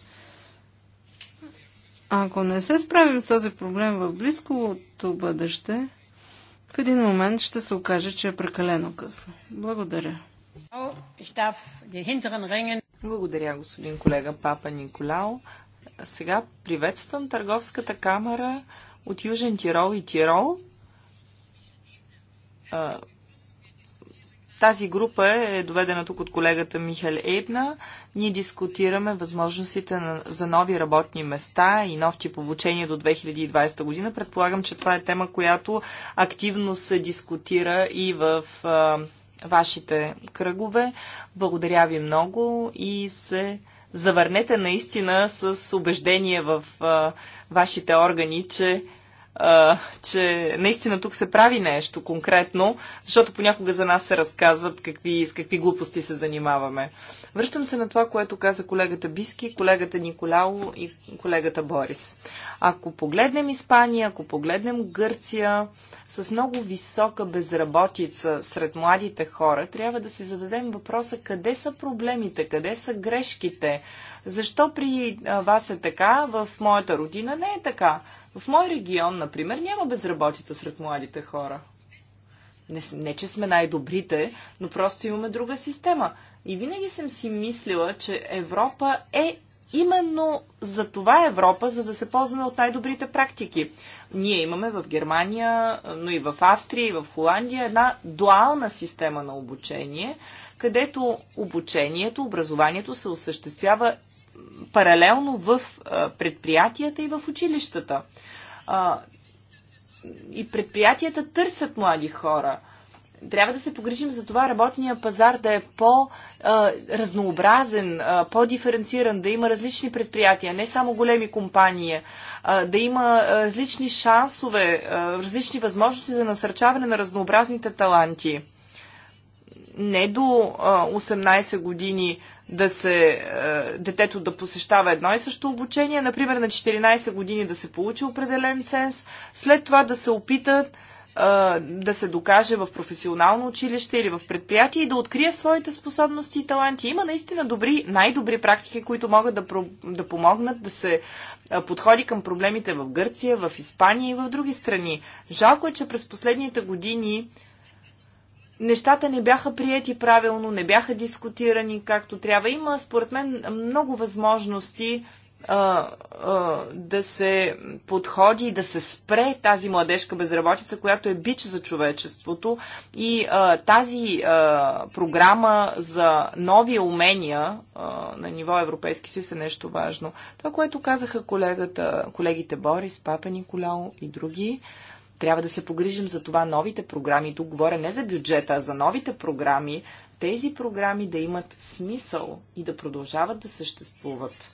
ако не се справим с този проблем в близкото бъдеще, в един момент ще се окаже, че е прекалено късно. Благодаря. Благодаря, господин колега Папа Николао. Сега приветствам Търговската камера от Южен Тирол и Тирол. Тази група е доведена тук от колегата Михаил Ебна. Ние дискутираме възможностите на, за нови работни места и нов тип обучение до 2020 година. Предполагам, че това е тема, която активно се дискутира и в а, вашите кръгове. Благодаря ви много и се завърнете наистина с убеждение в а, вашите органи, че а, че наистина тук се прави нещо конкретно, защото понякога за нас се разказват какви, с какви глупости се занимаваме. Връщам се на това, което каза колегата Биски, колегата Николао и колегата Борис. Ако погледнем Испания, ако погледнем Гърция, с много висока безработица сред младите хора, трябва да си зададем въпроса къде са проблемите, къде са грешките, защо при вас е така, в моята родина не е така. В мой регион, например, няма безработица сред младите хора. Не, не че сме най-добрите, но просто имаме друга система. И винаги съм си мислила, че Европа е именно за това Европа, за да се ползваме от най-добрите практики. Ние имаме в Германия, но и в Австрия, и в Холандия една дуална система на обучение, където обучението, образованието се осъществява паралелно в предприятията и в училищата. И предприятията търсят млади хора. Трябва да се погрижим за това работния пазар да е по-разнообразен, по-диференциран, да има различни предприятия, не само големи компании, да има различни шансове, различни възможности за насърчаване на разнообразните таланти не до 18 години да се, детето да посещава едно и също обучение, например на 14 години да се получи определен ценз, след това да се опитат да се докаже в професионално училище или в предприятие и да открие своите способности и таланти. Има наистина добри, най-добри практики, които могат да, да помогнат да се подходи към проблемите в Гърция, в Испания и в други страни. Жалко е, че през последните години нещата не бяха приети правилно, не бяха дискутирани както трябва. Има, според мен, много възможности а, а, да се подходи и да се спре тази младежка безработица, която е бич за човечеството. И а, тази а, програма за нови умения а, на ниво Европейски съюз е нещо важно. Това, което казаха колегата, колегите Борис, Папа Николао и други, а, трябва да се погрижим за това новите програми, тук говоря не за бюджета, а за новите програми, тези програми да имат смисъл и да продължават да съществуват.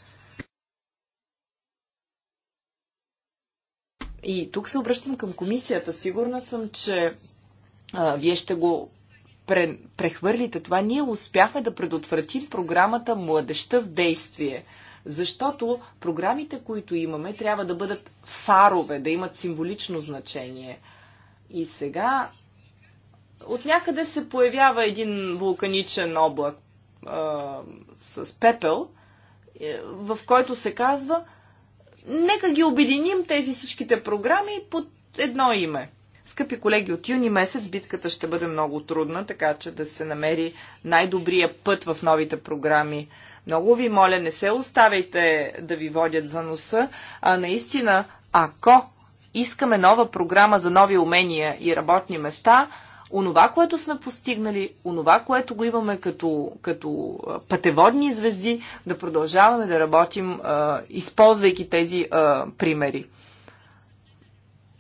И тук се обръщам към комисията. Сигурна съм, че а, вие ще го прехвърлите това. Ние успяхме да предотвратим програмата Младеща в действие – защото програмите, които имаме, трябва да бъдат фарове, да имат символично значение. И сега от някъде се появява един вулканичен облак а, с пепел, е, в който се казва нека ги обединим тези всичките програми под едно име. Скъпи колеги, от юни месец битката ще бъде много трудна, така че да се намери най-добрия път в новите програми много ви моля, не се оставяйте да ви водят за носа, а наистина, ако искаме нова програма за нови умения и работни места, онова, което сме постигнали, онова, което го имаме като, като пътеводни звезди, да продължаваме да работим, а, използвайки тези а, примери.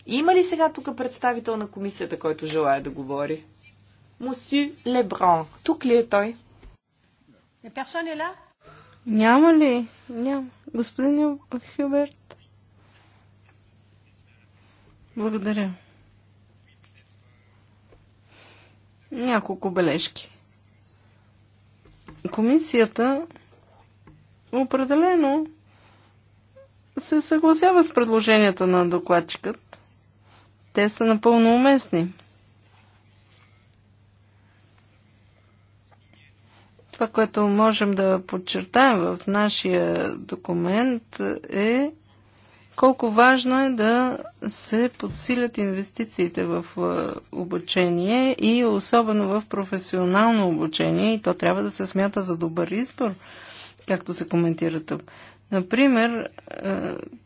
Има ли сега тук представител на комисията, който желая да говори? Мусю Лебран. Тук ли е той? Е, Персон е ла? Няма ли? Няма. Господин Хюберт? Благодаря. Няколко бележки. Комисията определено се съгласява с предложенията на докладчикът. Те са напълно уместни. Това, което можем да подчертаем в нашия документ е колко важно е да се подсилят инвестициите в обучение и особено в професионално обучение и то трябва да се смята за добър избор, както се коментира тук. Например,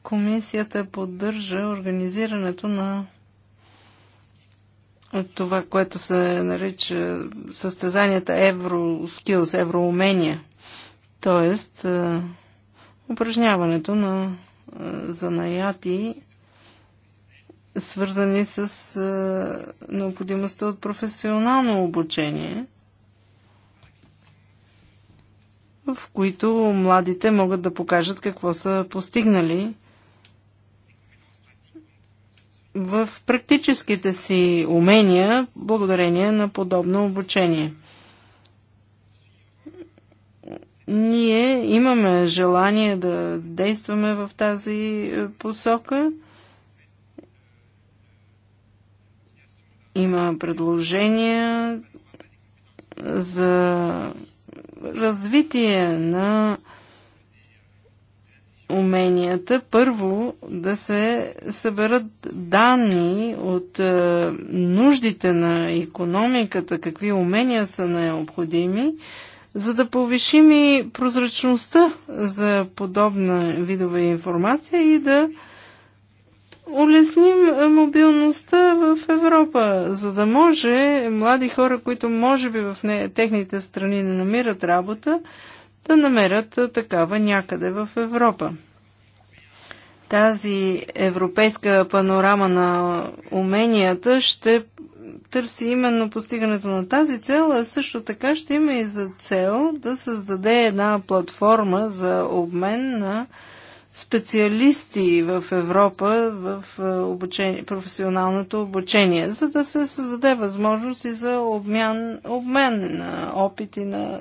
комисията поддържа организирането на това, което се нарича състезанията евроскилс, евроумения. Тоест, е, упражняването на е, занаяти, свързани с е, необходимостта от професионално обучение, в които младите могат да покажат какво са постигнали в практическите си умения благодарение на подобно обучение. Ние имаме желание да действаме в тази е, посока. Има предложения за развитие на уменията първо да се съберат данни от е, нуждите на економиката, какви умения са необходими, за да повишим и прозрачността за подобна видова информация и да улесним мобилността в Европа, за да може млади хора, които може би в не, техните страни не намират работа, да намерят такава някъде в Европа. Тази европейска панорама на уменията ще търси именно постигането на тази цел, а също така ще има и за цел да създаде една платформа за обмен на специалисти в Европа в обучение, професионалното обучение, за да се създаде възможност и за обмен, обмен на опити на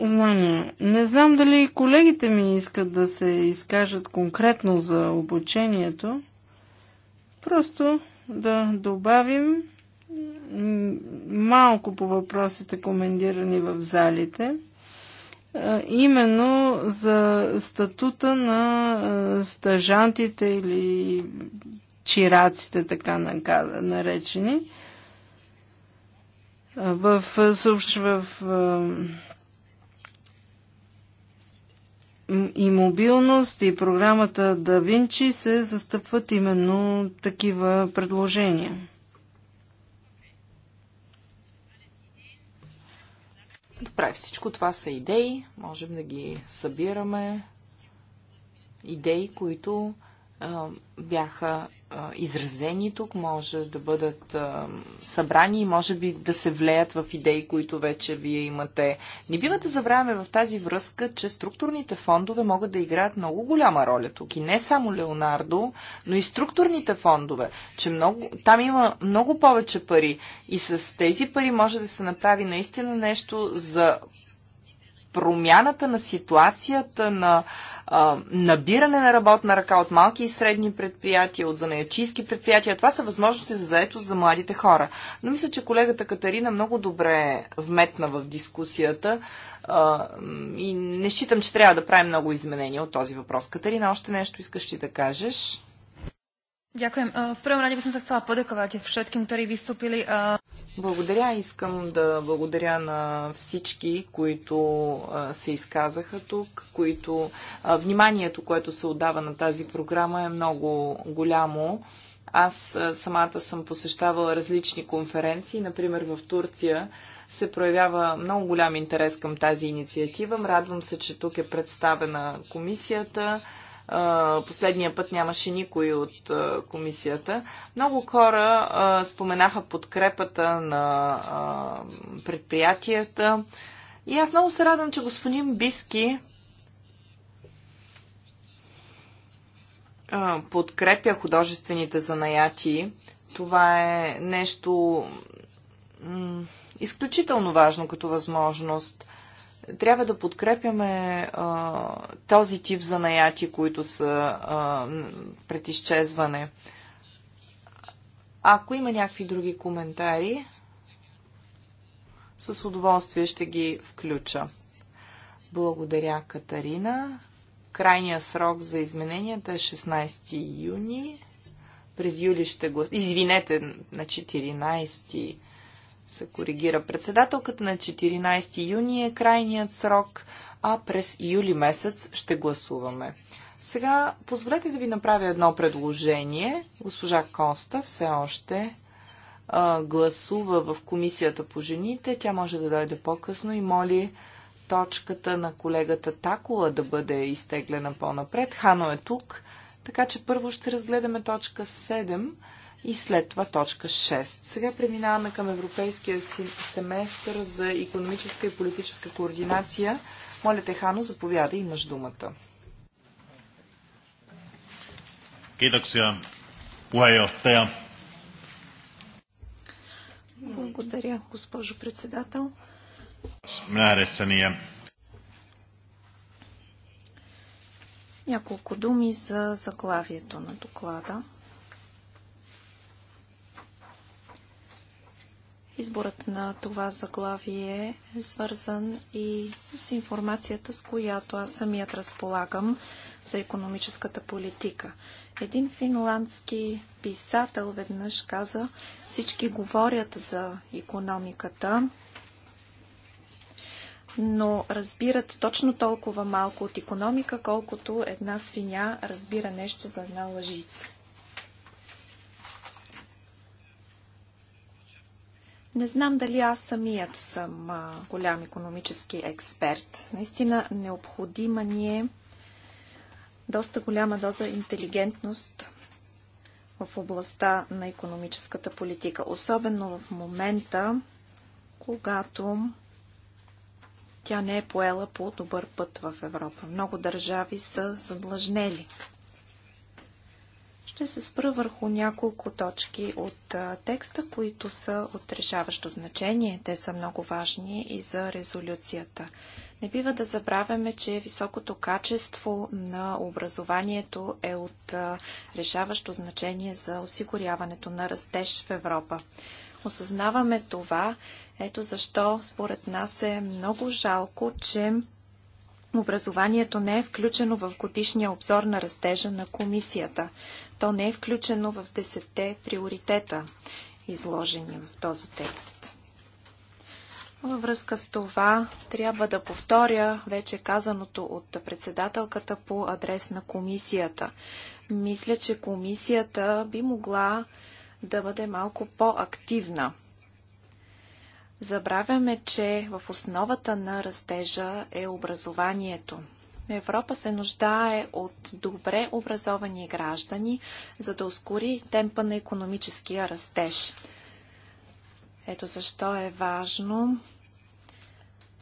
знания. Не знам дали и колегите ми искат да се изкажат конкретно за обучението. Просто да добавим малко по въпросите, комендирани в залите, именно за статута на стажантите или чираците, така наречени. В, в и мобилност и програмата Да Винчи се застъпват именно такива предложения. Добре, всичко това са идеи. Можем да ги събираме. Идеи, които а, бяха изразени тук, може да бъдат събрани и може би да се влеят в идеи, които вече вие имате. Не бива да забравяме в тази връзка, че структурните фондове могат да играят много голяма роля тук. И не само Леонардо, но и структурните фондове, че много, там има много повече пари и с тези пари може да се направи наистина нещо за промяната на ситуацията, на а, набиране на работна ръка от малки и средни предприятия, от занаячийски предприятия. Това са възможности за заетост за младите хора. Но мисля, че колегата Катарина много добре е вметна в дискусията а, и не считам, че трябва да правим много изменения от този въпрос. Катарина, още нещо искаш ли да кажеш? Е, в V prvom rade by som sa chcela poďakovať všetkým, ktorí благодаря. Искам да благодаря на всички, които се изказаха тук, които вниманието, което се отдава на тази програма е много голямо. Аз самата съм посещавала различни конференции, например в Турция се проявява много голям интерес към тази инициатива. Радвам се, че тук е представена комисията. Последния път нямаше никой от комисията. Много хора споменаха подкрепата на предприятията. И аз много се радвам, че господин Биски подкрепя художествените занаяти. Това е нещо изключително важно като възможност трябва да подкрепяме а, този тип занаяти, които са а, пред изчезване. Ако има някакви други коментари, с удоволствие ще ги включа. Благодаря, Катарина. Крайният срок за измененията е 16 юни. През юли ще го... Извинете, на 14 се коригира председателката на 14 юни е крайният срок, а през юли месец ще гласуваме. Сега позволете да ви направя едно предложение. Госпожа Коста все още а, гласува в комисията по жените. Тя може да дойде по-късно и моли точката на колегата Такола да бъде изтеглена по-напред. Хано е тук, така че първо ще разгледаме точка 7 и след това точка 6. Сега преминаваме към Европейския семестър за економическа и политическа координация. Моля те, Хано, заповядай, имаш думата. Благодаря, госпожо председател. Няколко думи за заглавието на доклада. Изборът на това заглавие е свързан и с информацията, с която аз самият разполагам за економическата политика. Един финландски писател веднъж каза, всички говорят за економиката, но разбират точно толкова малко от економика, колкото една свиня разбира нещо за една лъжица. Не знам дали аз самият съм голям економически експерт. Наистина необходима ни е доста голяма доза интелигентност в областта на економическата политика. Особено в момента, когато тя не е поела по добър път в Европа. Много държави са задлъжнели ще се спра върху няколко точки от текста, които са от решаващо значение. Те са много важни и за резолюцията. Не бива да забравяме, че високото качество на образованието е от решаващо значение за осигуряването на растеж в Европа. Осъзнаваме това, ето защо според нас е много жалко, че образованието не е включено в годишния обзор на растежа на комисията. То не е включено в десетте приоритета, изложени в този текст. Във връзка с това трябва да повторя вече казаното от председателката по адрес на комисията. Мисля, че комисията би могла да бъде малко по-активна. Забравяме, че в основата на растежа е образованието. Европа се нуждае от добре образовани граждани, за да ускори темпа на економическия растеж. Ето защо е важно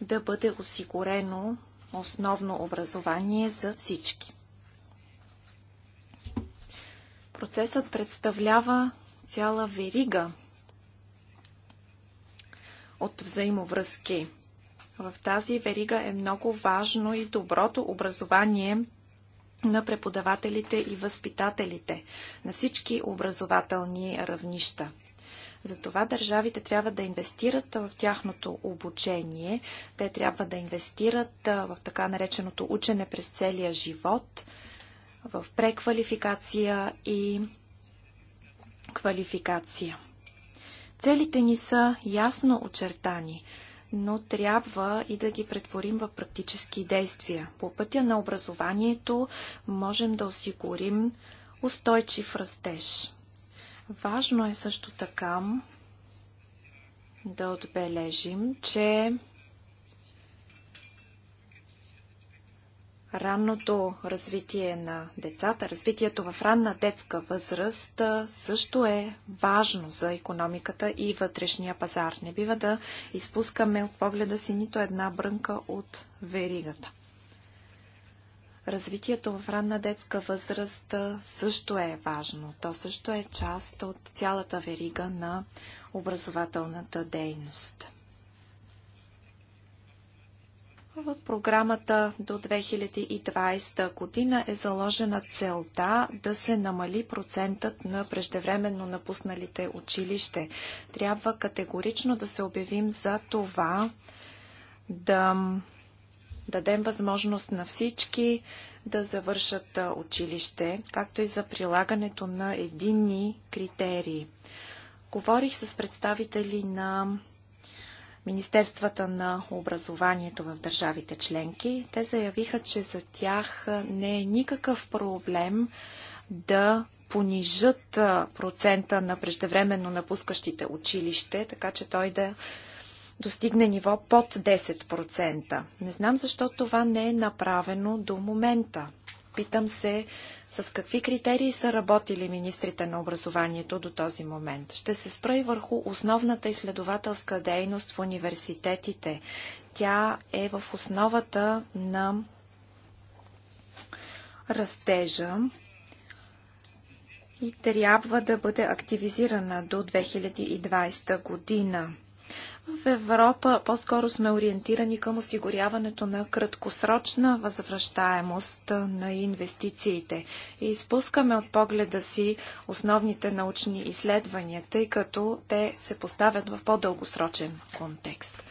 да бъде осигурено основно образование за всички. Процесът представлява цяла верига от взаимовръзки – в тази верига е много важно и доброто образование на преподавателите и възпитателите на всички образователни равнища. Затова държавите трябва да инвестират в тяхното обучение. Те трябва да инвестират в така нареченото учене през целия живот, в преквалификация и квалификация. Целите ни са ясно очертани но трябва и да ги претворим в практически действия. По пътя на образованието можем да осигурим устойчив растеж. Важно е също така да отбележим, че ранното развитие на децата, развитието в ранна детска възраст също е важно за економиката и вътрешния пазар. Не бива да изпускаме от погледа си нито една брънка от веригата. Развитието в ранна детска възраст също е важно. То също е част от цялата верига на образователната дейност. В програмата до 2020 година е заложена целта да се намали процентът на преждевременно напусналите училище. Трябва категорично да се обявим за това да дадем възможност на всички да завършат училище, както и за прилагането на единни критерии. Говорих с представители на Министерствата на образованието в държавите членки. Те заявиха, че за тях не е никакъв проблем да понижат процента на преждевременно напускащите училище, така че той да достигне ниво под 10%. Не знам защо това не е направено до момента. Питам се с какви критерии са работили министрите на образованието до този момент. Ще се спра и върху основната изследователска дейност в университетите. Тя е в основата на растежа и трябва да бъде активизирана до 2020 година. В Европа по-скоро сме ориентирани към осигуряването на краткосрочна възвръщаемост на инвестициите и изпускаме от погледа си основните научни изследвания, тъй като те се поставят в по-дългосрочен контекст.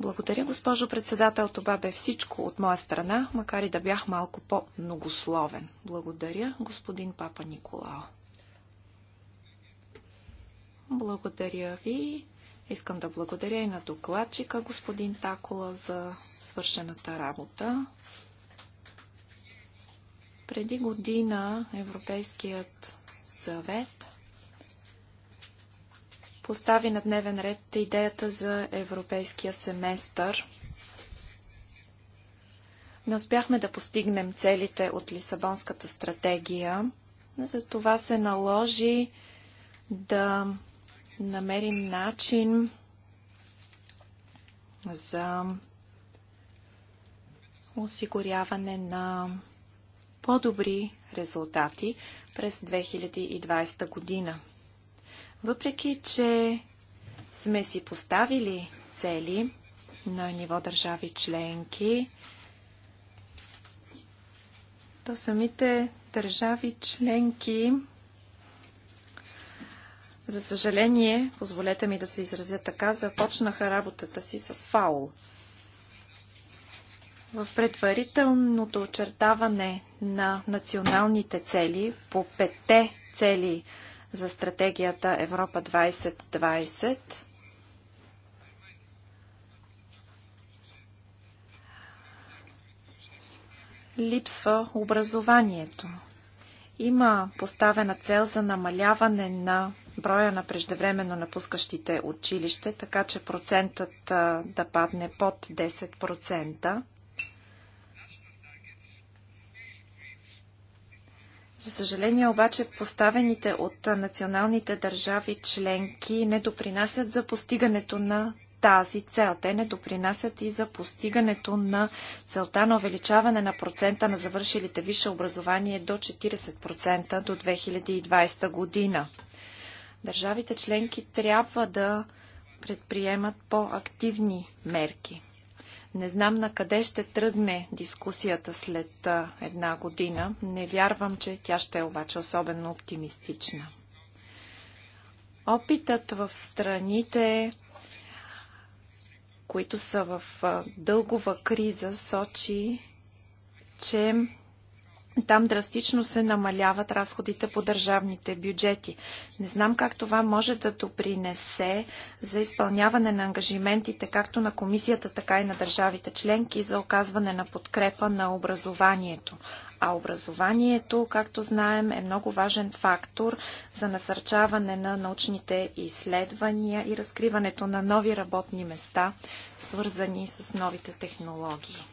Благодаря, госпожо председател. Това бе всичко от моя страна, макар и да бях малко по-многословен. Благодаря, господин Папа Николао. Благодаря ви. Искам да благодаря и на докладчика господин Такола за свършената работа. Преди година Европейският съвет постави на дневен ред идеята за европейския семестър. Не успяхме да постигнем целите от Лисабонската стратегия, затова се наложи да намерим начин за осигуряване на по-добри резултати през 2020 година. Въпреки, че сме си поставили цели на ниво държави членки, то самите държави членки за съжаление, позволете ми да се изразя така, започнаха работата си с фаул. В предварителното очертаване на националните цели по пете цели за стратегията Европа 2020 липсва образованието. Има поставена цел за намаляване на броя на преждевременно напускащите училище, така че процентът да падне под 10%. За съжаление обаче поставените от националните държави членки не допринасят за постигането на тази цел. Те не допринасят и за постигането на целта на увеличаване на процента на завършилите висше образование до 40% до 2020 година. Държавите членки трябва да предприемат по-активни мерки. Не знам на къде ще тръгне дискусията след една година. Не вярвам, че тя ще е обаче особено оптимистична. Опитът в страните, които са в дългова криза, сочи, че там драстично се намаляват разходите по държавните бюджети. Не знам как това може да допринесе за изпълняване на ангажиментите както на комисията, така и на държавите членки за оказване на подкрепа на образованието. А образованието, както знаем, е много важен фактор за насърчаване на научните изследвания и разкриването на нови работни места, свързани с новите технологии.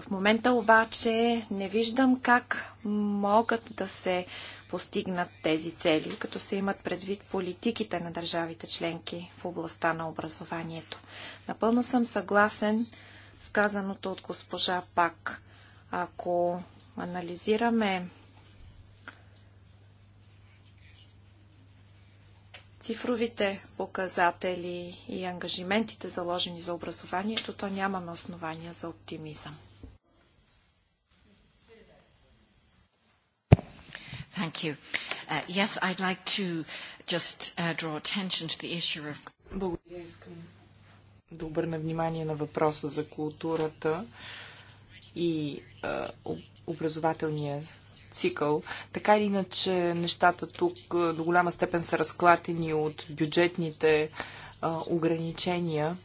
В момента обаче не виждам как могат да се постигнат тези цели, като се имат предвид политиките на държавите членки в областта на образованието. Напълно съм съгласен с казаното от госпожа Пак. Ако анализираме цифровите показатели и ангажиментите заложени за образованието, то нямаме основания за оптимизъм. Thank you. Uh, yes, I'd like to just uh, draw attention to the issue of... Благодаря, искам да обърна внимание на въпроса за културата и а, образователния цикъл. Така или иначе, нещата тук до голяма степен са разклатени от бюджетните а, ограничения.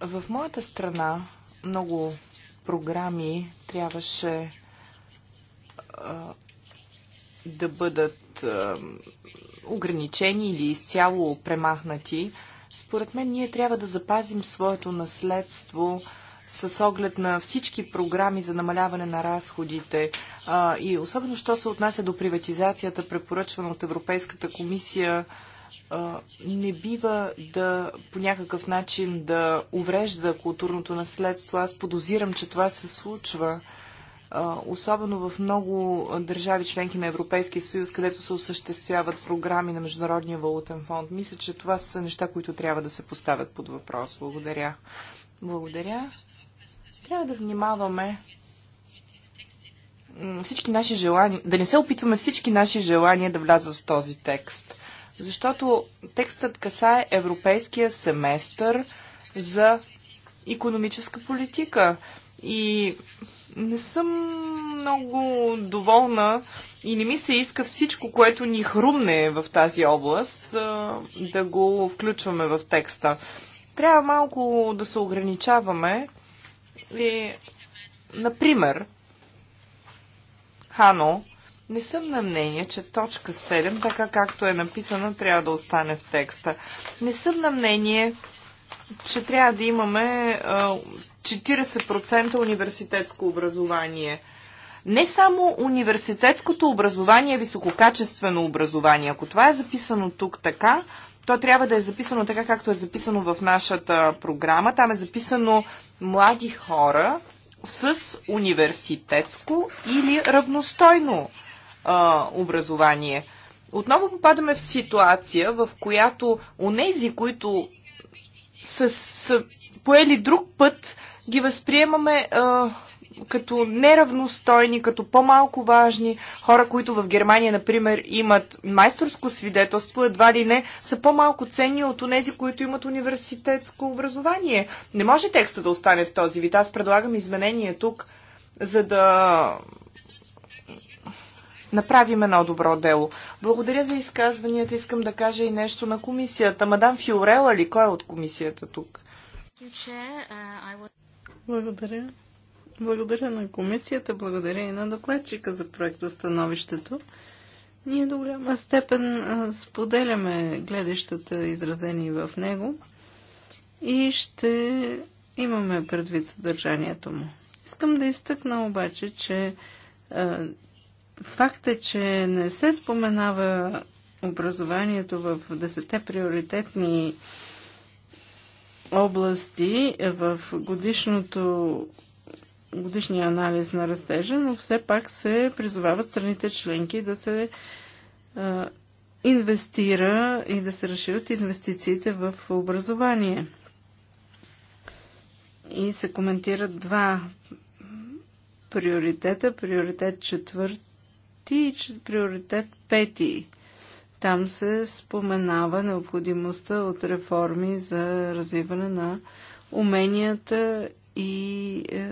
В моята страна много програми трябваше а, да бъдат ограничени или изцяло премахнати, според мен ние трябва да запазим своето наследство с оглед на всички програми за намаляване на разходите а, и особено, що се отнася до приватизацията, препоръчвана от Европейската комисия, а, не бива да по някакъв начин да уврежда културното наследство. Аз подозирам, че това се случва особено в много държави членки на Европейския съюз, където се осъществяват програми на Международния валутен фонд. Мисля, че това са неща, които трябва да се поставят под въпрос. Благодаря. Благодаря. Трябва да внимаваме всички наши желания, да не се опитваме всички наши желания да влязат в този текст. Защото текстът касае европейския семестър за економическа политика. И не съм много доволна и не ми се иска всичко, което ни хрумне в тази област, да го включваме в текста. Трябва малко да се ограничаваме и, например, Хано, не съм на мнение, че точка 7, така както е написана, трябва да остане в текста. Не съм на мнение, че трябва да имаме 40% университетско образование. Не само университетското образование е висококачествено образование. Ако това е записано тук така, то трябва да е записано така, както е записано в нашата програма. Там е записано млади хора с университетско или равностойно а, образование. Отново попадаме в ситуация, в която у нези, които са, са поели друг път, ги възприемаме а, като неравностойни, като по-малко важни. Хора, които в Германия, например, имат майсторско свидетелство, едва ли не, са по-малко ценни от тези, които имат университетско образование. Не може текста да остане в този вид. Аз предлагам изменение тук, за да направим едно добро дело. Благодаря за изказванията. Искам да кажа и нещо на комисията. Мадам Фиорела ли? Кой е от комисията тук? Uh, благодаря. Благодаря на комисията, благодаря и на докладчика за проекта становището. Ние до голяма степен споделяме гледащата, изразени в него и ще имаме предвид съдържанието му. Искам да изтъкна обаче, че е, факта, че не се споменава образованието в десете приоритетни области в годишното годишния анализ на растежа, но все пак се призовават страните членки да се а, инвестира и да се разширят инвестициите в образование. И се коментират два приоритета. Приоритет четвърти и приоритет пети там се споменава необходимостта от реформи за развиване на уменията и е,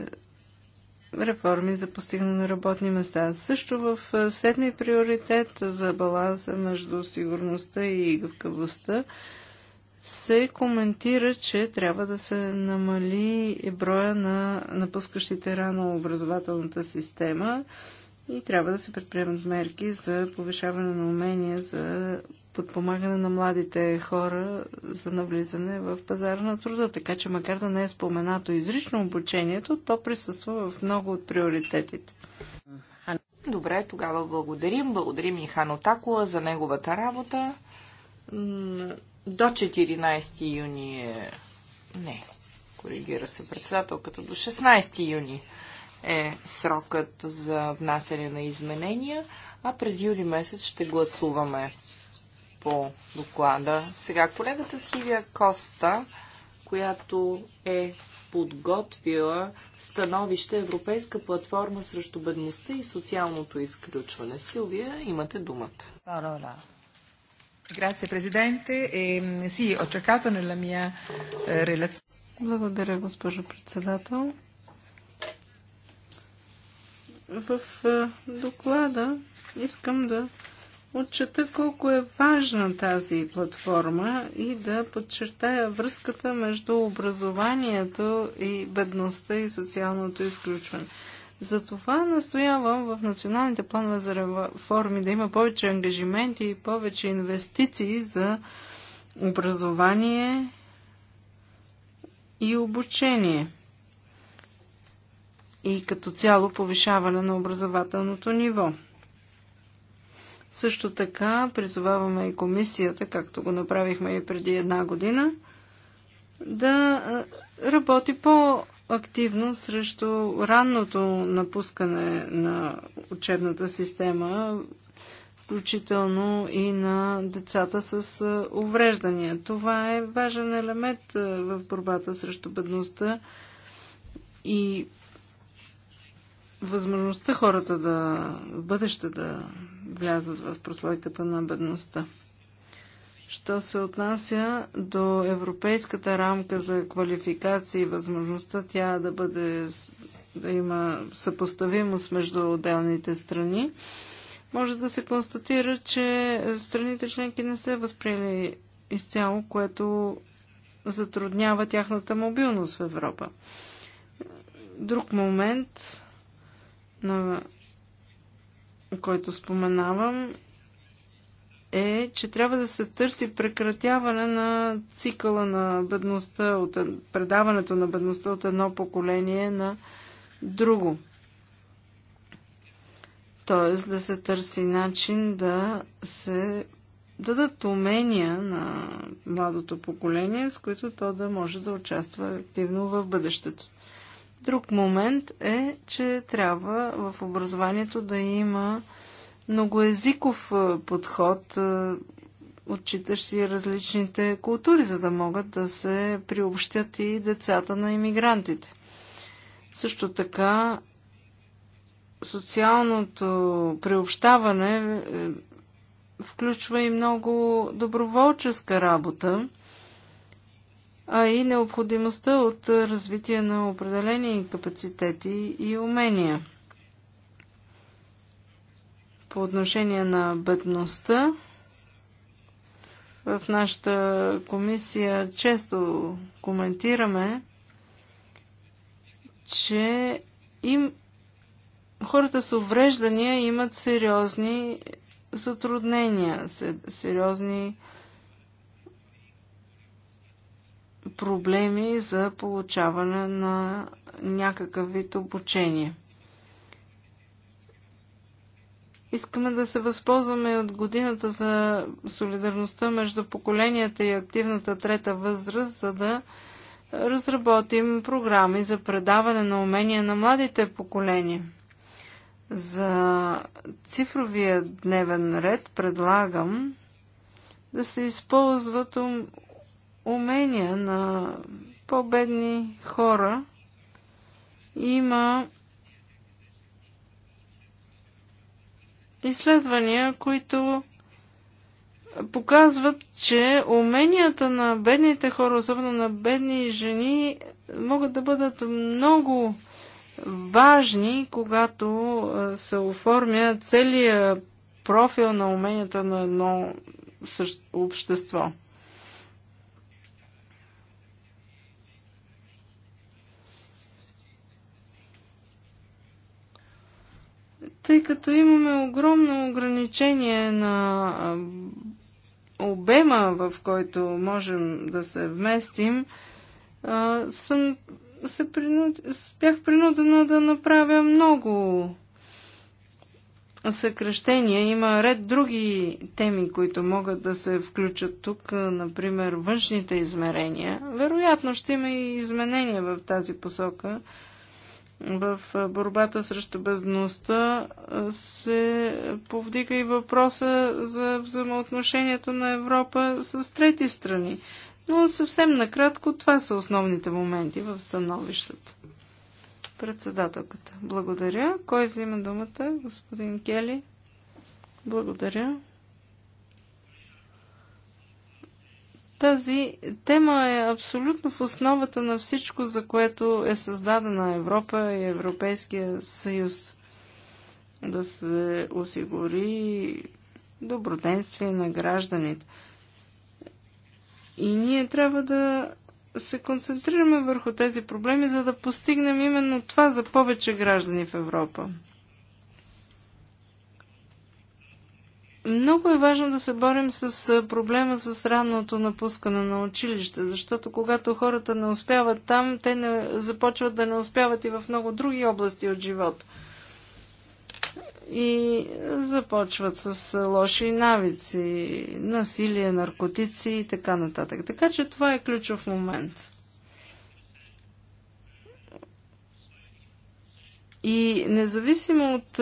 реформи за постигане на работни места. Също в е, седми приоритет за баланса между сигурността и гъвкавостта се коментира, че трябва да се намали броя на напускащите рано образователната система и трябва да се предприемат мерки за повишаване на умения, за подпомагане на младите хора за навлизане в пазара на труда. Така че макар да не е споменато изрично обучението, то присъства в много от приоритетите. Добре, тогава благодарим. Благодарим и Хано Такула за неговата работа. До 14 юни е... Не, коригира се председателката. До 16 юни е срокът за внасяне на изменения, а през юли месец ще гласуваме по доклада. Сега колегата Сивия Коста, която е подготвила становище Европейска платформа срещу бедността и социалното изключване. Силвия, имате думата. Парола. Grazie Presidente. E, sì, ho cercato nella mia eh, relazione. Благодаря, госпожо председател. В доклада искам да отчета колко е важна тази платформа и да подчертая връзката между образованието и бедността и социалното изключване. Затова настоявам в националните планове за реформи да има повече ангажименти и повече инвестиции за образование и обучение – и като цяло повишаване на образователното ниво. Също така призоваваме и комисията, както го направихме и преди една година, да работи по-активно срещу ранното напускане на учебната система, включително и на децата с увреждания. Това е важен елемент в борбата срещу бедността и възможността хората да в бъдеще да влязат в прослойката на бедността. Що се отнася до европейската рамка за квалификации и възможността тя да бъде да има съпоставимост между отделните страни, може да се констатира, че страните членки не се възприели изцяло, което затруднява тяхната мобилност в Европа. Друг момент на който споменавам, е, че трябва да се търси прекратяване на цикъла на бедността, от предаването на бедността от едно поколение на друго. Тоест да се търси начин да се дадат умения на младото поколение, с които то да може да участва активно в бъдещето. Друг момент е, че трябва в образованието да има многоезиков подход, отчитащ си различните култури, за да могат да се приобщят и децата на иммигрантите. Също така, социалното приобщаване е, включва и много доброволческа работа а и необходимостта от развитие на определени капацитети и умения. По отношение на бедността, в нашата комисия често коментираме, че им, хората с увреждания имат сериозни затруднения, сериозни а, проблеми за получаване на някакъв вид обучение. Искаме да се възползваме от годината за солидарността между поколенията и активната трета възраст, за да разработим програми за предаване на умения на младите поколения. За цифровия дневен ред предлагам да се използват умения на по-бедни хора има изследвания, които показват, че уменията на бедните хора, особено на бедни жени, могат да бъдат много важни, когато се оформя целият профил на уменията на едно общество. тъй като имаме огромно ограничение на обема, в който можем да се вместим, съм, се принуд... бях принудена да направя много съкръщения. Има ред други теми, които могат да се включат тук, например външните измерения. Вероятно ще има и изменения в тази посока в борбата срещу бездността се повдига и въпроса за взаимоотношението на Европа с трети страни. Но съвсем накратко това са основните моменти в становищата. Председателката. Благодаря. Кой взима думата? Господин Кели. Благодаря. Тази тема е абсолютно в основата на всичко, за което е създадена Европа и Европейския съюз. Да се осигури доброденствие на гражданите. И ние трябва да се концентрираме върху тези проблеми, за да постигнем именно това за повече граждани в Европа. Много е важно да се борим с проблема с ранното напускане на училище, защото когато хората не успяват там, те не, започват да не успяват и в много други области от живота. И започват с лоши навици, насилие, наркотици и така нататък. Така че това е ключов момент. И независимо от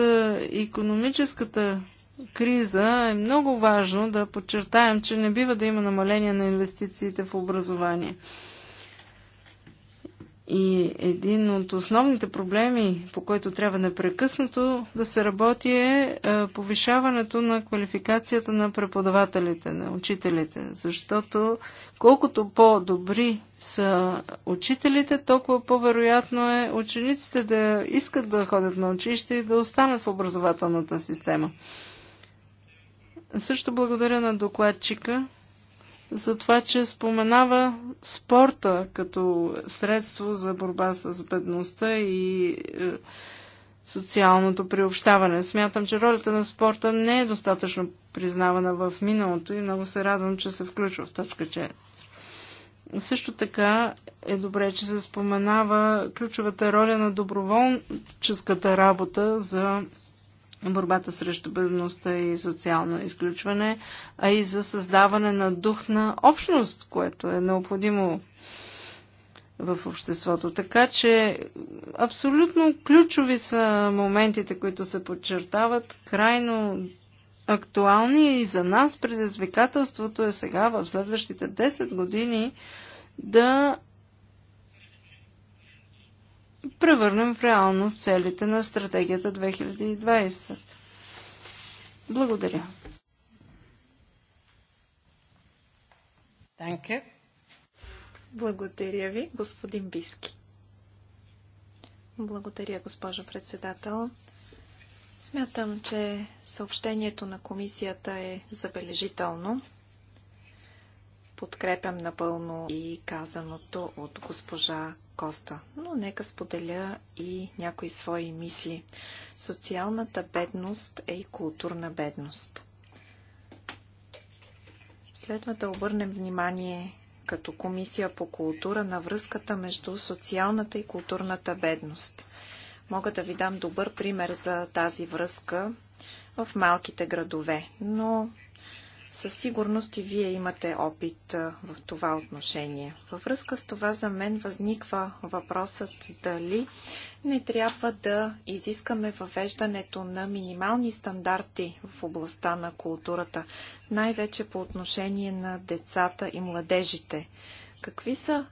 економическата криза е много важно да подчертаем, че не бива да има намаление на инвестициите в образование. И един от основните проблеми, по който трябва непрекъснато да се работи е, е повишаването на квалификацията на преподавателите, на учителите. Защото колкото по-добри са учителите, толкова по-вероятно е учениците да искат да ходят на училище и да останат в образователната система. Също благодаря на докладчика за това, че споменава спорта като средство за борба с бедността и е, социалното приобщаване. Смятам, че ролята на спорта не е достатъчно признавана в миналото и много се радвам, че се включва в точка 4. Също така е добре, че се споменава ключовата роля на доброволческата работа за борбата срещу бедността и социално изключване, а и за създаване на дух на общност, което е необходимо в обществото. Така че абсолютно ключови са моментите, които се подчертават, крайно актуални и за нас предизвикателството е сега в следващите 10 години да превърнем в реалност целите на стратегията 2020. Благодаря. Данке. Благодаря ви, господин Биски. Благодаря, госпожо председател. Смятам, че съобщението на комисията е забележително. Подкрепям напълно и казаното от госпожа Коста, но нека споделя и някои свои мисли. Социалната бедност е и културна бедност. Следва да обърнем внимание като Комисия по култура на връзката между социалната и културната бедност. Мога да ви дам добър пример за тази връзка в малките градове, но със сигурност и вие имате опит в това отношение. Във връзка с това за мен възниква въпросът дали не трябва да изискаме въвеждането на минимални стандарти в областта на културата, най-вече по отношение на децата и младежите. Какви са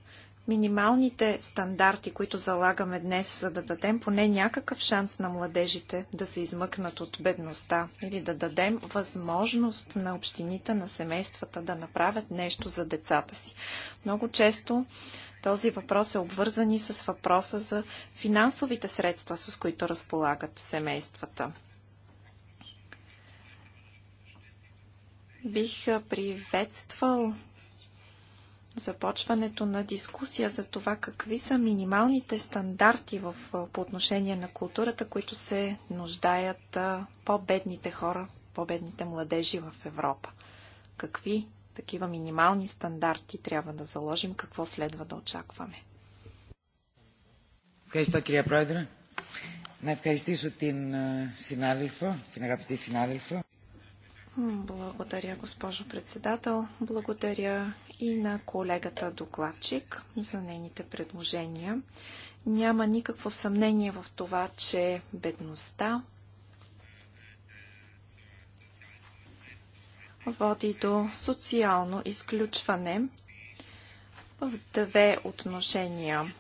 минималните стандарти, които залагаме днес, за да дадем поне някакъв шанс на младежите да се измъкнат от бедността или да дадем възможност на общините, на семействата да направят нещо за децата си. Много често този въпрос е обвързан и с въпроса за финансовите средства, с които разполагат семействата. Бих приветствал започването на дискусия за това какви са минималните стандарти в, по отношение на културата, които се нуждаят по-бедните хора, по-бедните младежи в Европа. Какви такива минимални стандарти трябва да заложим, какво следва да очакваме. Ευχαριστώ κυρία Πρόεδρε. Να ευχαριστήσω την συνάδελφο, την αγαπητή συνάδελφο. Благодаря, госпожо председател. Благодаря и на колегата докладчик за нейните предложения. Няма никакво съмнение в това, че бедността води до социално изключване в две отношения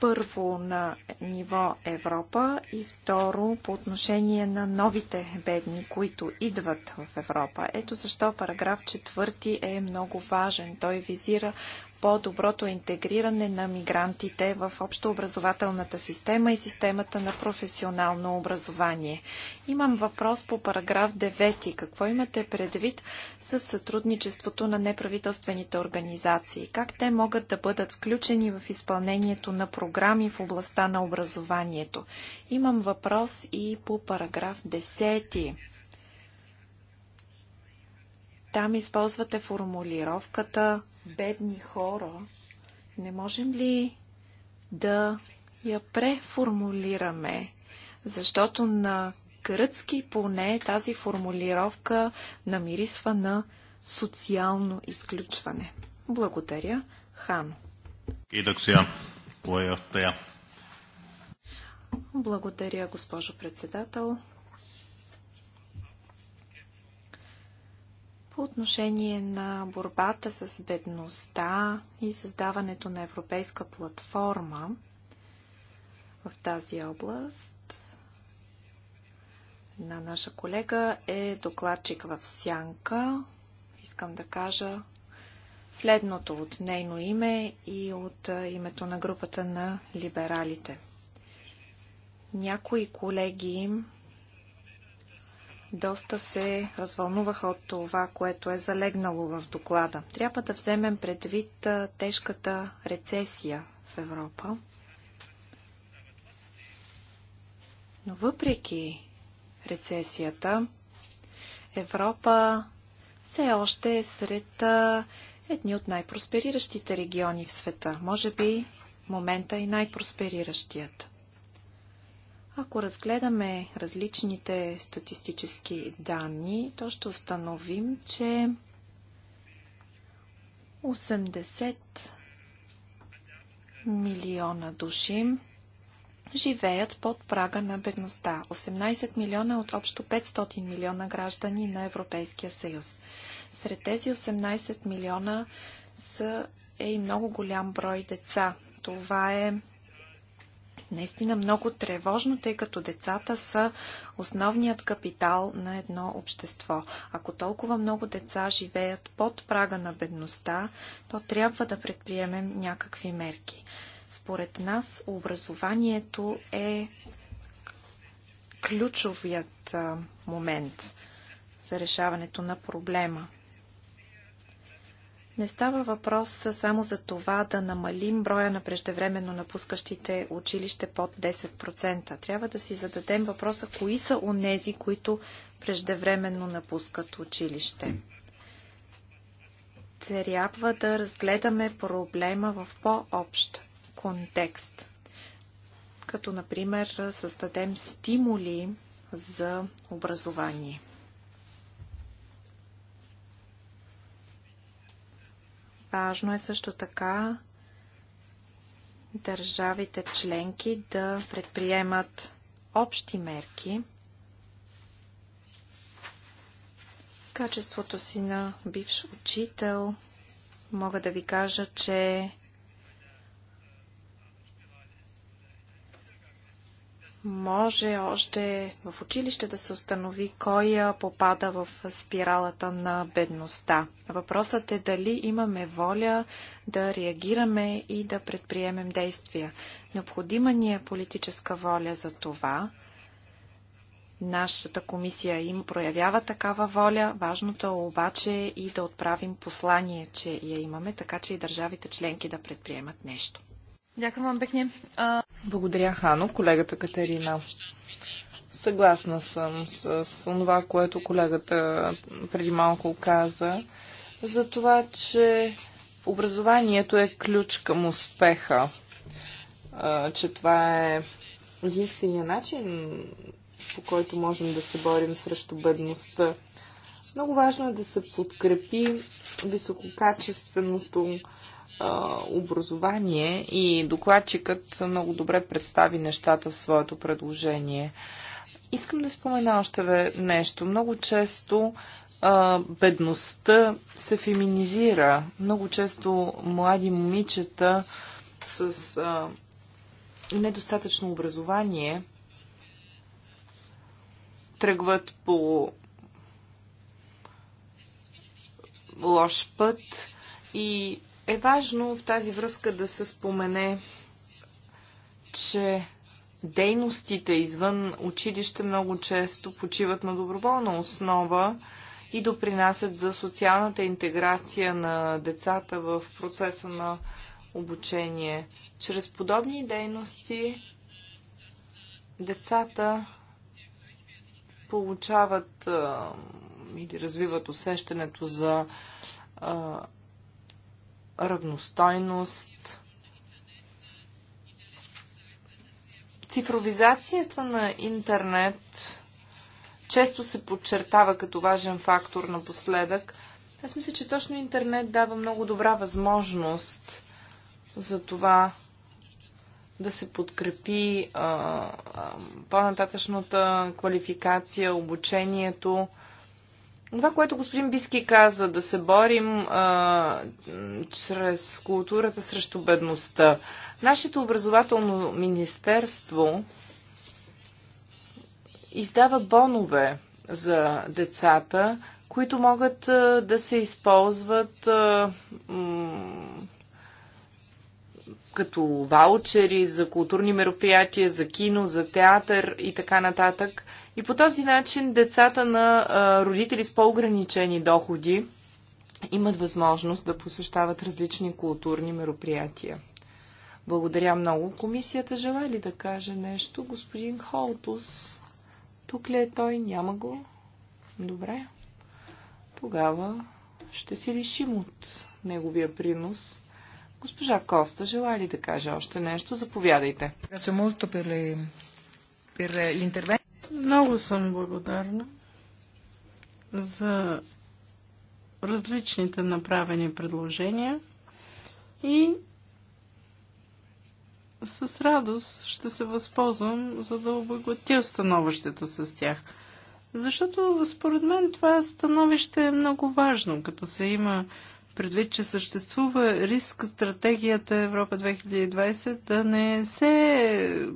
първо на ниво Европа и второ по отношение на новите бедни, които идват в Европа. Ето защо параграф 4 е много важен. Той визира по-доброто интегриране на мигрантите в общообразователната система и системата на професионално образование. Имам въпрос по параграф 9. Какво имате предвид с сътрудничеството на неправителствените организации? Как те могат да бъдат включени в изпълнението на програми в областта на образованието? Имам въпрос и по параграф 10. Там използвате формулировката бедни хора, не можем ли да я преформулираме? Защото на гръцки поне тази формулировка намирисва на социално изключване. Благодаря, Хан. Kiitoksia, Благодаря, госпожо председател. по отношение на борбата с бедността и създаването на европейска платформа в тази област. Една наша колега е докладчик в Сянка. Искам да кажа следното от нейно име и от името на групата на либералите. Някои колеги доста се развълнуваха от това, което е залегнало в доклада. Трябва да вземем предвид тежката рецесия в Европа. Но въпреки рецесията, Европа все още е сред едни от най-проспериращите региони в света. Може би момента и е най-проспериращият. Ако разгледаме различните статистически данни, то ще установим, че 80 милиона души живеят под прага на бедността. 18 милиона от общо 500 милиона граждани на Европейския съюз. Сред тези 18 милиона са е и много голям брой деца. Това е наистина много тревожно, тъй като децата са основният капитал на едно общество. Ако толкова много деца живеят под прага на бедността, то трябва да предприемем някакви мерки. Според нас образованието е ключовият момент за решаването на проблема. Не става въпрос само за това да намалим броя на преждевременно напускащите училище под 10%. Трябва да си зададем въпроса, кои са онези, които преждевременно напускат училище. Трябва да разгледаме проблема в по-общ контекст. Като, например, създадем стимули за образование. Важно е също така държавите членки да предприемат общи мерки качеството си на бивш учител мога да ви кажа, че може още в училище да се установи кой е попада в спиралата на бедността. Въпросът е дали имаме воля да реагираме и да предприемем действия. Необходима ни е политическа воля за това. Нашата комисия им проявява такава воля. Важното е обаче и да отправим послание, че я имаме, така че и държавите членки да предприемат нещо. Дякам вам пекне. Благодаря, Хано, колегата Катерина. Съгласна съм с това, което колегата преди малко каза, за това, че образованието е ключ към успеха, че това е единствения начин, по който можем да се борим срещу бедността. Много важно е да се подкрепи висококачественото образование и докладчикът много добре представи нещата в своето предложение. Искам да спомена още нещо. Много често а, бедността се феминизира. Много често млади момичета с а, недостатъчно образование тръгват по лош път и е важно в тази връзка да се спомене, че дейностите извън училище много често почиват на доброволна основа и допринасят за социалната интеграция на децата в процеса на обучение. Чрез подобни дейности децата получават а, или развиват усещането за а, равностойност. Цифровизацията на интернет често се подчертава като важен фактор напоследък. Аз мисля, че точно интернет дава много добра възможност за това да се подкрепи по-нататъчната квалификация, обучението, това, което господин Биски каза, да се борим а, чрез културата срещу бедността. Нашето образователно министерство издава бонове за децата, които могат а, да се използват а, като ваучери за културни мероприятия, за кино, за театър и така нататък. И по този начин децата на родители с по-ограничени доходи имат възможност да посещават различни културни мероприятия. Благодаря много. Комисията желая ли да каже нещо? Господин Холтус, тук ли е той? Няма го. Добре. Тогава ще си решим от неговия принос. Госпожа Коста, желая ли да каже още нещо? Заповядайте. Много съм благодарна за различните направени предложения и с радост ще се възползвам, за да обогатя становището с тях. Защото според мен това становище е много важно, като се има предвид, че съществува риск стратегията Европа 2020 да не се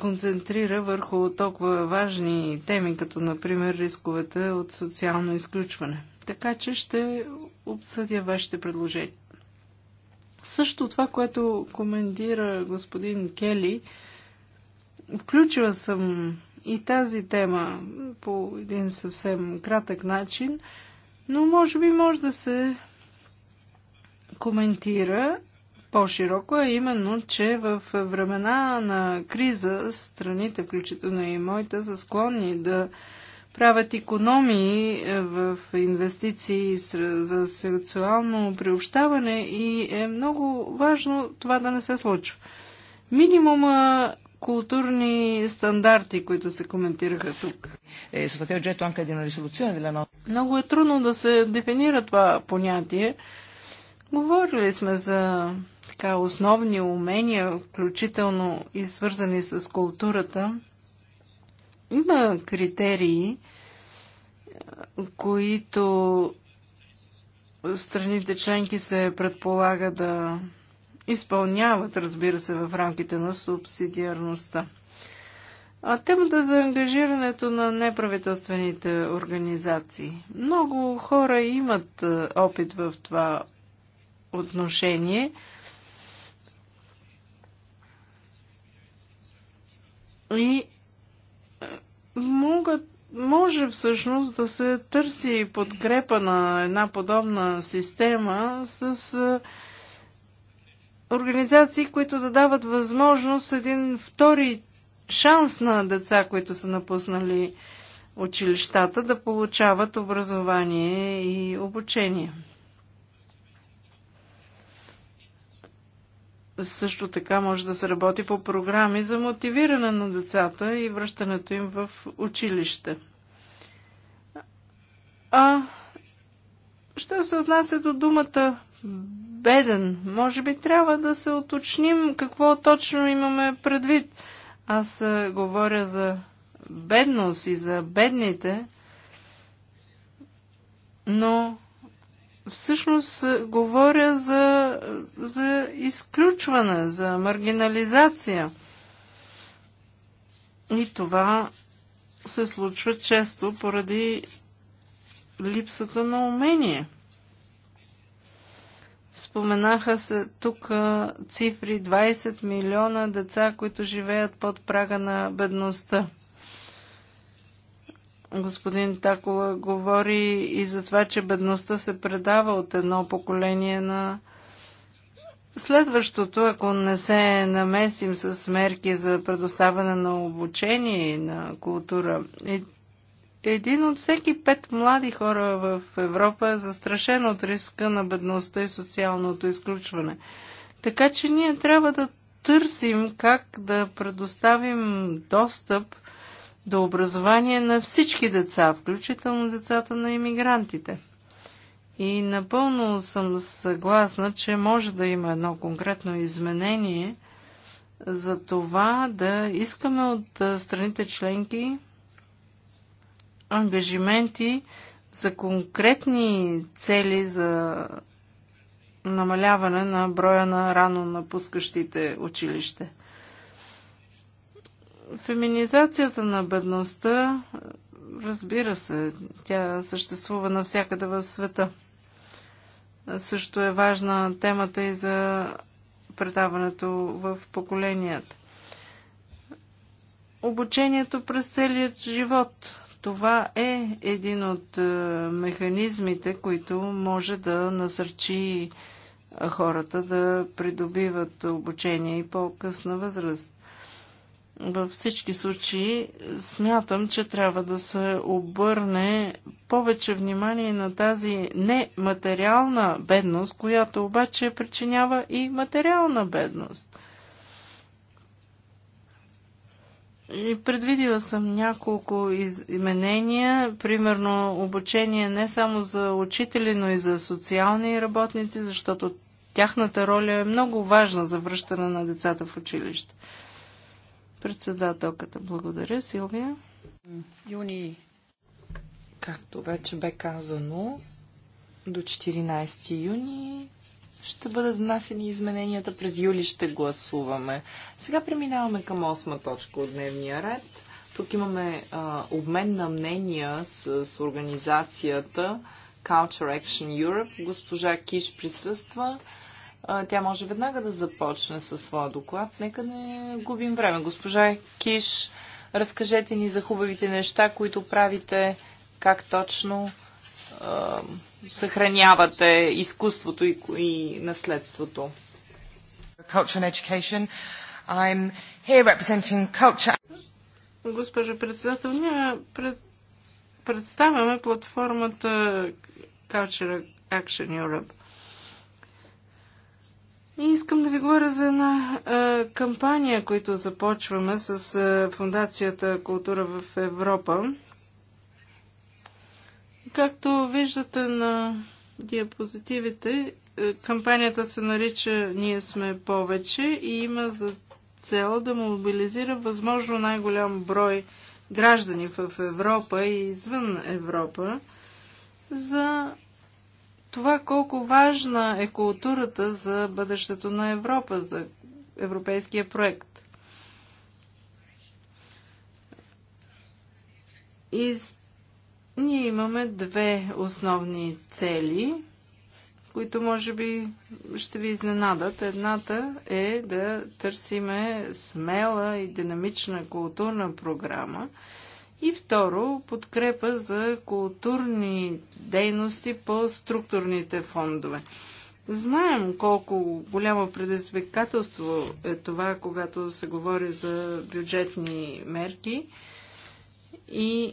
концентрира върху толкова важни теми, като например рисковете от социално изключване. Така че ще обсъдя вашите предложения. Също това, което коментира господин Кели, включила съм и тази тема по един съвсем кратък начин – но може би може да се коментира по-широко, а именно, че в времена на криза страните, включително и моите, са склонни да правят економии е, в инвестиции за социално приобщаване и е много важно това да не се случва. Минимума културни стандарти, които се коментираха тук. Е, Много е трудно да се дефинира това понятие. Говорили сме за така, основни умения, включително и свързани с културата. Има критерии, които страните членки се предполага да изпълняват, разбира се, в рамките на субсидиарността. А темата за ангажирането на неправителствените организации. Много хора имат е, опит в това отношение. И е, могат, може всъщност да се търси подкрепа на една подобна система с е, организации, които да дават възможност един втори шанс на деца, които са напуснали училищата, да получават образование и обучение. Също така може да се работи по програми за мотивиране на децата и връщането им в училище. А що се отнася до думата беден. Може би трябва да се уточним какво точно имаме предвид. Аз е, говоря за бедност и за бедните, но всъщност е, говоря за, за изключване, за маргинализация. И това се случва често поради липсата на умение. Споменаха се тук цифри 20 милиона деца, които живеят под прага на бедността. Господин Такова, говори и за това, че бедността се предава от едно поколение на следващото, ако не се намесим с мерки за предоставяне на обучение и на култура. И един от всеки пет млади хора в Европа е застрашен от риска на бедността и социалното изключване. Така че ние трябва да търсим как да предоставим достъп до образование на всички деца, включително децата на иммигрантите. И напълно съм съгласна, че може да има едно конкретно изменение за това да искаме от страните членки ангажименти за конкретни цели за намаляване на броя на рано напускащите училище. Феминизацията на бедността, разбира се, тя съществува навсякъде в света. Също е важна темата и за предаването в поколенията. Обучението през целият живот – това е един от е, механизмите, които може да насърчи е, хората да придобиват обучение и по-късна възраст. Във всички случаи смятам, че трябва да се обърне повече внимание на тази нематериална бедност, която обаче причинява и материална бедност. И предвидила съм няколко изменения, примерно обучение не само за учители, но и за социални работници, защото тяхната роля е много важна за връщане на децата в училище. Председателката, благодаря. Силвия? Юни. Както вече бе казано, до 14 юни ще бъдат внасени измененията през юли, ще гласуваме. Сега преминаваме към осма точка от дневния ред. Тук имаме а, обмен на мнения с, с организацията Culture Action Europe. Госпожа Киш присъства. А, тя може веднага да започне със своя доклад. Нека не губим време. Госпожа Киш, разкажете ни за хубавите неща, които правите, как точно съхранявате изкуството и, и наследството? Госпожо председател, ние пред, представяме платформата Culture Action Europe. И искам да ви говоря за една а, кампания, която започваме с а, Фундацията Култура в Европа. Както виждате на диапозитивите, е, кампанията се нарича Ние сме повече и има за цел да мобилизира възможно най-голям брой граждани в Европа и извън Европа за това колко важна е културата за бъдещето на Европа, за европейския проект. И ние имаме две основни цели, които може би ще ви изненадат. Едната е да търсиме смела и динамична културна програма, и второ, подкрепа за културни дейности по структурните фондове. Знаем колко голямо предизвикателство е това, когато се говори за бюджетни мерки и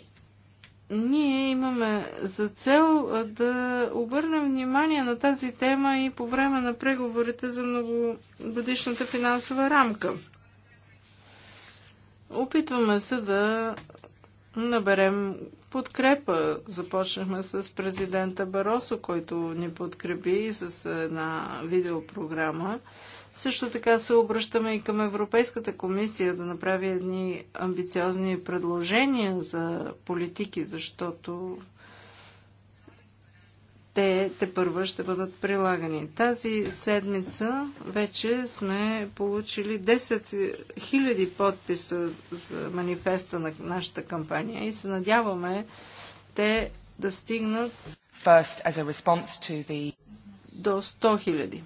ние имаме за цел да обърнем внимание на тази тема и по време на преговорите за многогодишната финансова рамка. Опитваме се да наберем подкрепа. Започнахме с президента Баросо, който ни подкрепи с една видеопрограма. Също така се обръщаме и към Европейската комисия да направи едни амбициозни предложения за политики, защото те те първа ще бъдат прилагани. Тази седмица вече сме получили 10 000 подписа за манифеста на нашата кампания и се надяваме те да стигнат First, as a response to the... до 100 000.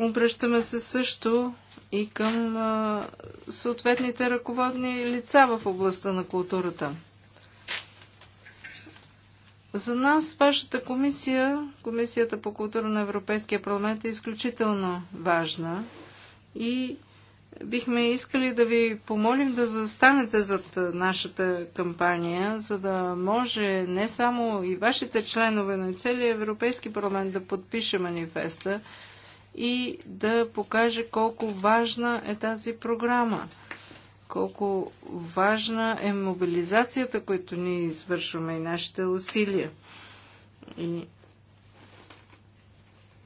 Обръщаме се също и към а, съответните ръководни лица в областта на културата. За нас вашата комисия, Комисията по култура на Европейския парламент е изключително важна и бихме искали да ви помолим да застанете зад нашата кампания, за да може не само и вашите членове, но и целият Европейски парламент да подпише манифеста, и да покаже колко важна е тази програма, колко важна е мобилизацията, която ние извършваме и нашите усилия. И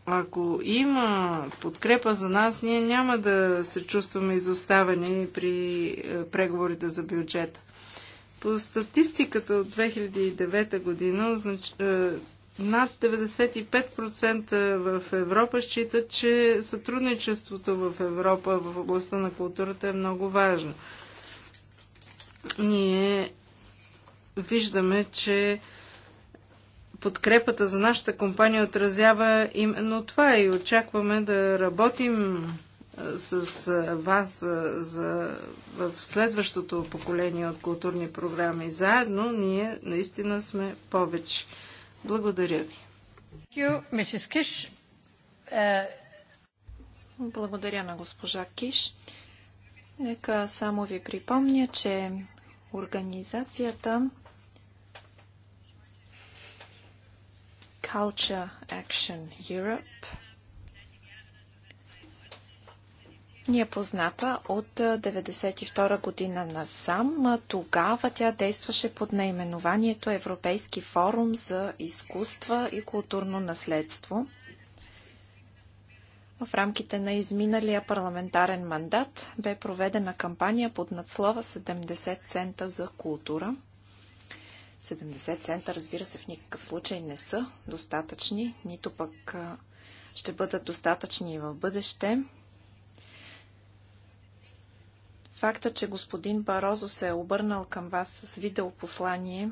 ако има подкрепа за нас, ние няма да се чувстваме изоставени при е, преговорите за бюджета. По статистиката от 2009 година е, над 95% в Европа считат, че сътрудничеството в Европа в областта на културата е много важно. Ние виждаме, че подкрепата за нашата компания отразява именно това и очакваме да работим с вас за, в следващото поколение от културни програми. Заедно ние наистина сме повече. Благодаря ви. Uh, благодаря на госпожа Киш. Нека само ви припомня, че организацията Culture Action Europe ни е позната от 1992 година насам. Тогава тя действаше под наименованието Европейски форум за изкуства и културно наследство. В рамките на изминалия парламентарен мандат бе проведена кампания под надслова 70 цента за култура. 70 цента, разбира се, в никакъв случай не са достатъчни, нито пък ще бъдат достатъчни и в бъдеще. Факта, че господин Барозо се е обърнал към вас с видеопослание,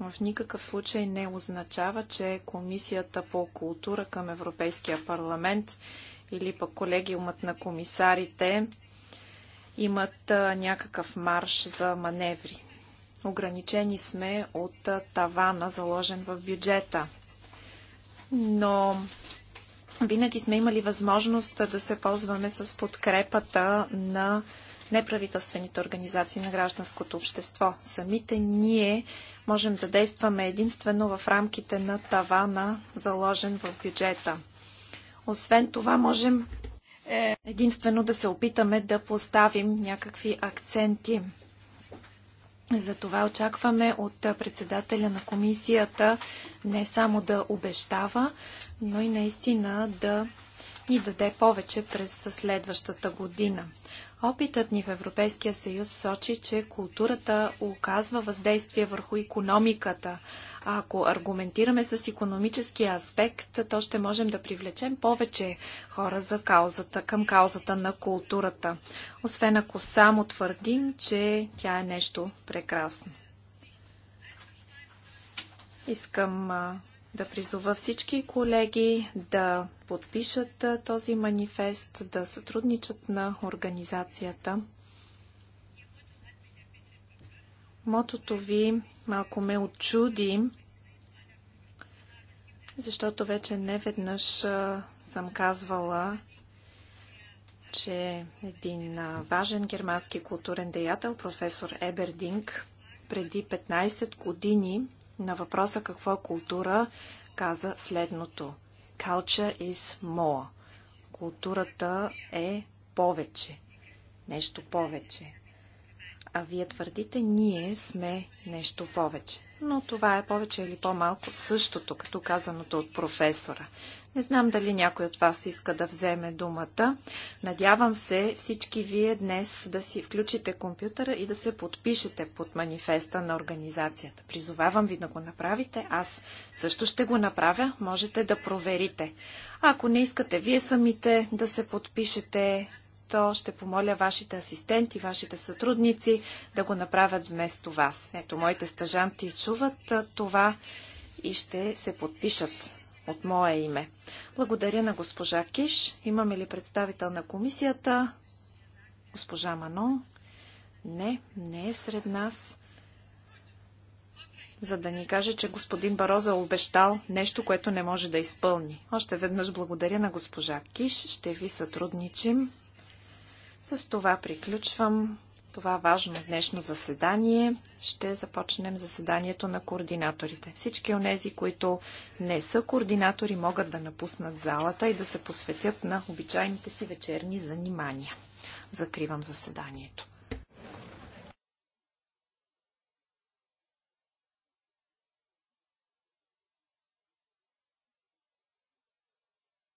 в никакъв случай не означава, че Комисията по култура към Европейския парламент или пък колегиумът на комисарите имат някакъв марш за маневри. Ограничени сме от тавана, заложен в бюджета. Но винаги сме имали възможност да се ползваме с подкрепата на неправителствените организации на гражданското общество. Самите ние можем да действаме единствено в рамките на тавана, заложен в бюджета. Освен това, можем е, единствено да се опитаме да поставим някакви акценти. Затова очакваме от председателя на комисията не само да обещава, но и наистина да ни даде повече през следващата година. Опитът ни в Европейския съюз сочи, че културата оказва въздействие върху економиката. А ако аргументираме с економическия аспект, то ще можем да привлечем повече хора за каузата, към каузата на културата. Освен ако само твърдим, че тя е нещо прекрасно. Искам да призова всички колеги да подпишат този манифест, да сътрудничат на организацията. Мотото ви малко ме очуди, защото вече не веднъж съм казвала, че един важен германски културен деятел, професор Ебердинг, преди 15 години на въпроса какво е култура, каза следното. Culture is more. Културата е повече. Нещо повече. А вие твърдите, ние сме нещо повече. Но това е повече или по-малко същото, като казаното от професора. Не знам дали някой от вас иска да вземе думата. Надявам се всички вие днес да си включите компютъра и да се подпишете под манифеста на организацията. Призовавам ви да го направите. Аз също ще го направя. Можете да проверите. ако не искате вие самите да се подпишете, то ще помоля вашите асистенти, вашите сътрудници да го направят вместо вас. Ето, моите стъжанти чуват това и ще се подпишат от мое име. Благодаря на госпожа Киш. Имаме ли представител на комисията? Госпожа Манон? Не, не е сред нас. За да ни каже, че господин Бароза е обещал нещо, което не може да изпълни. Още веднъж благодаря на госпожа Киш. Ще ви сътрудничим. С това приключвам това важно днешно заседание. Ще започнем заседанието на координаторите. Всички онези, които не са координатори, могат да напуснат залата и да се посветят на обичайните си вечерни занимания. Закривам заседанието.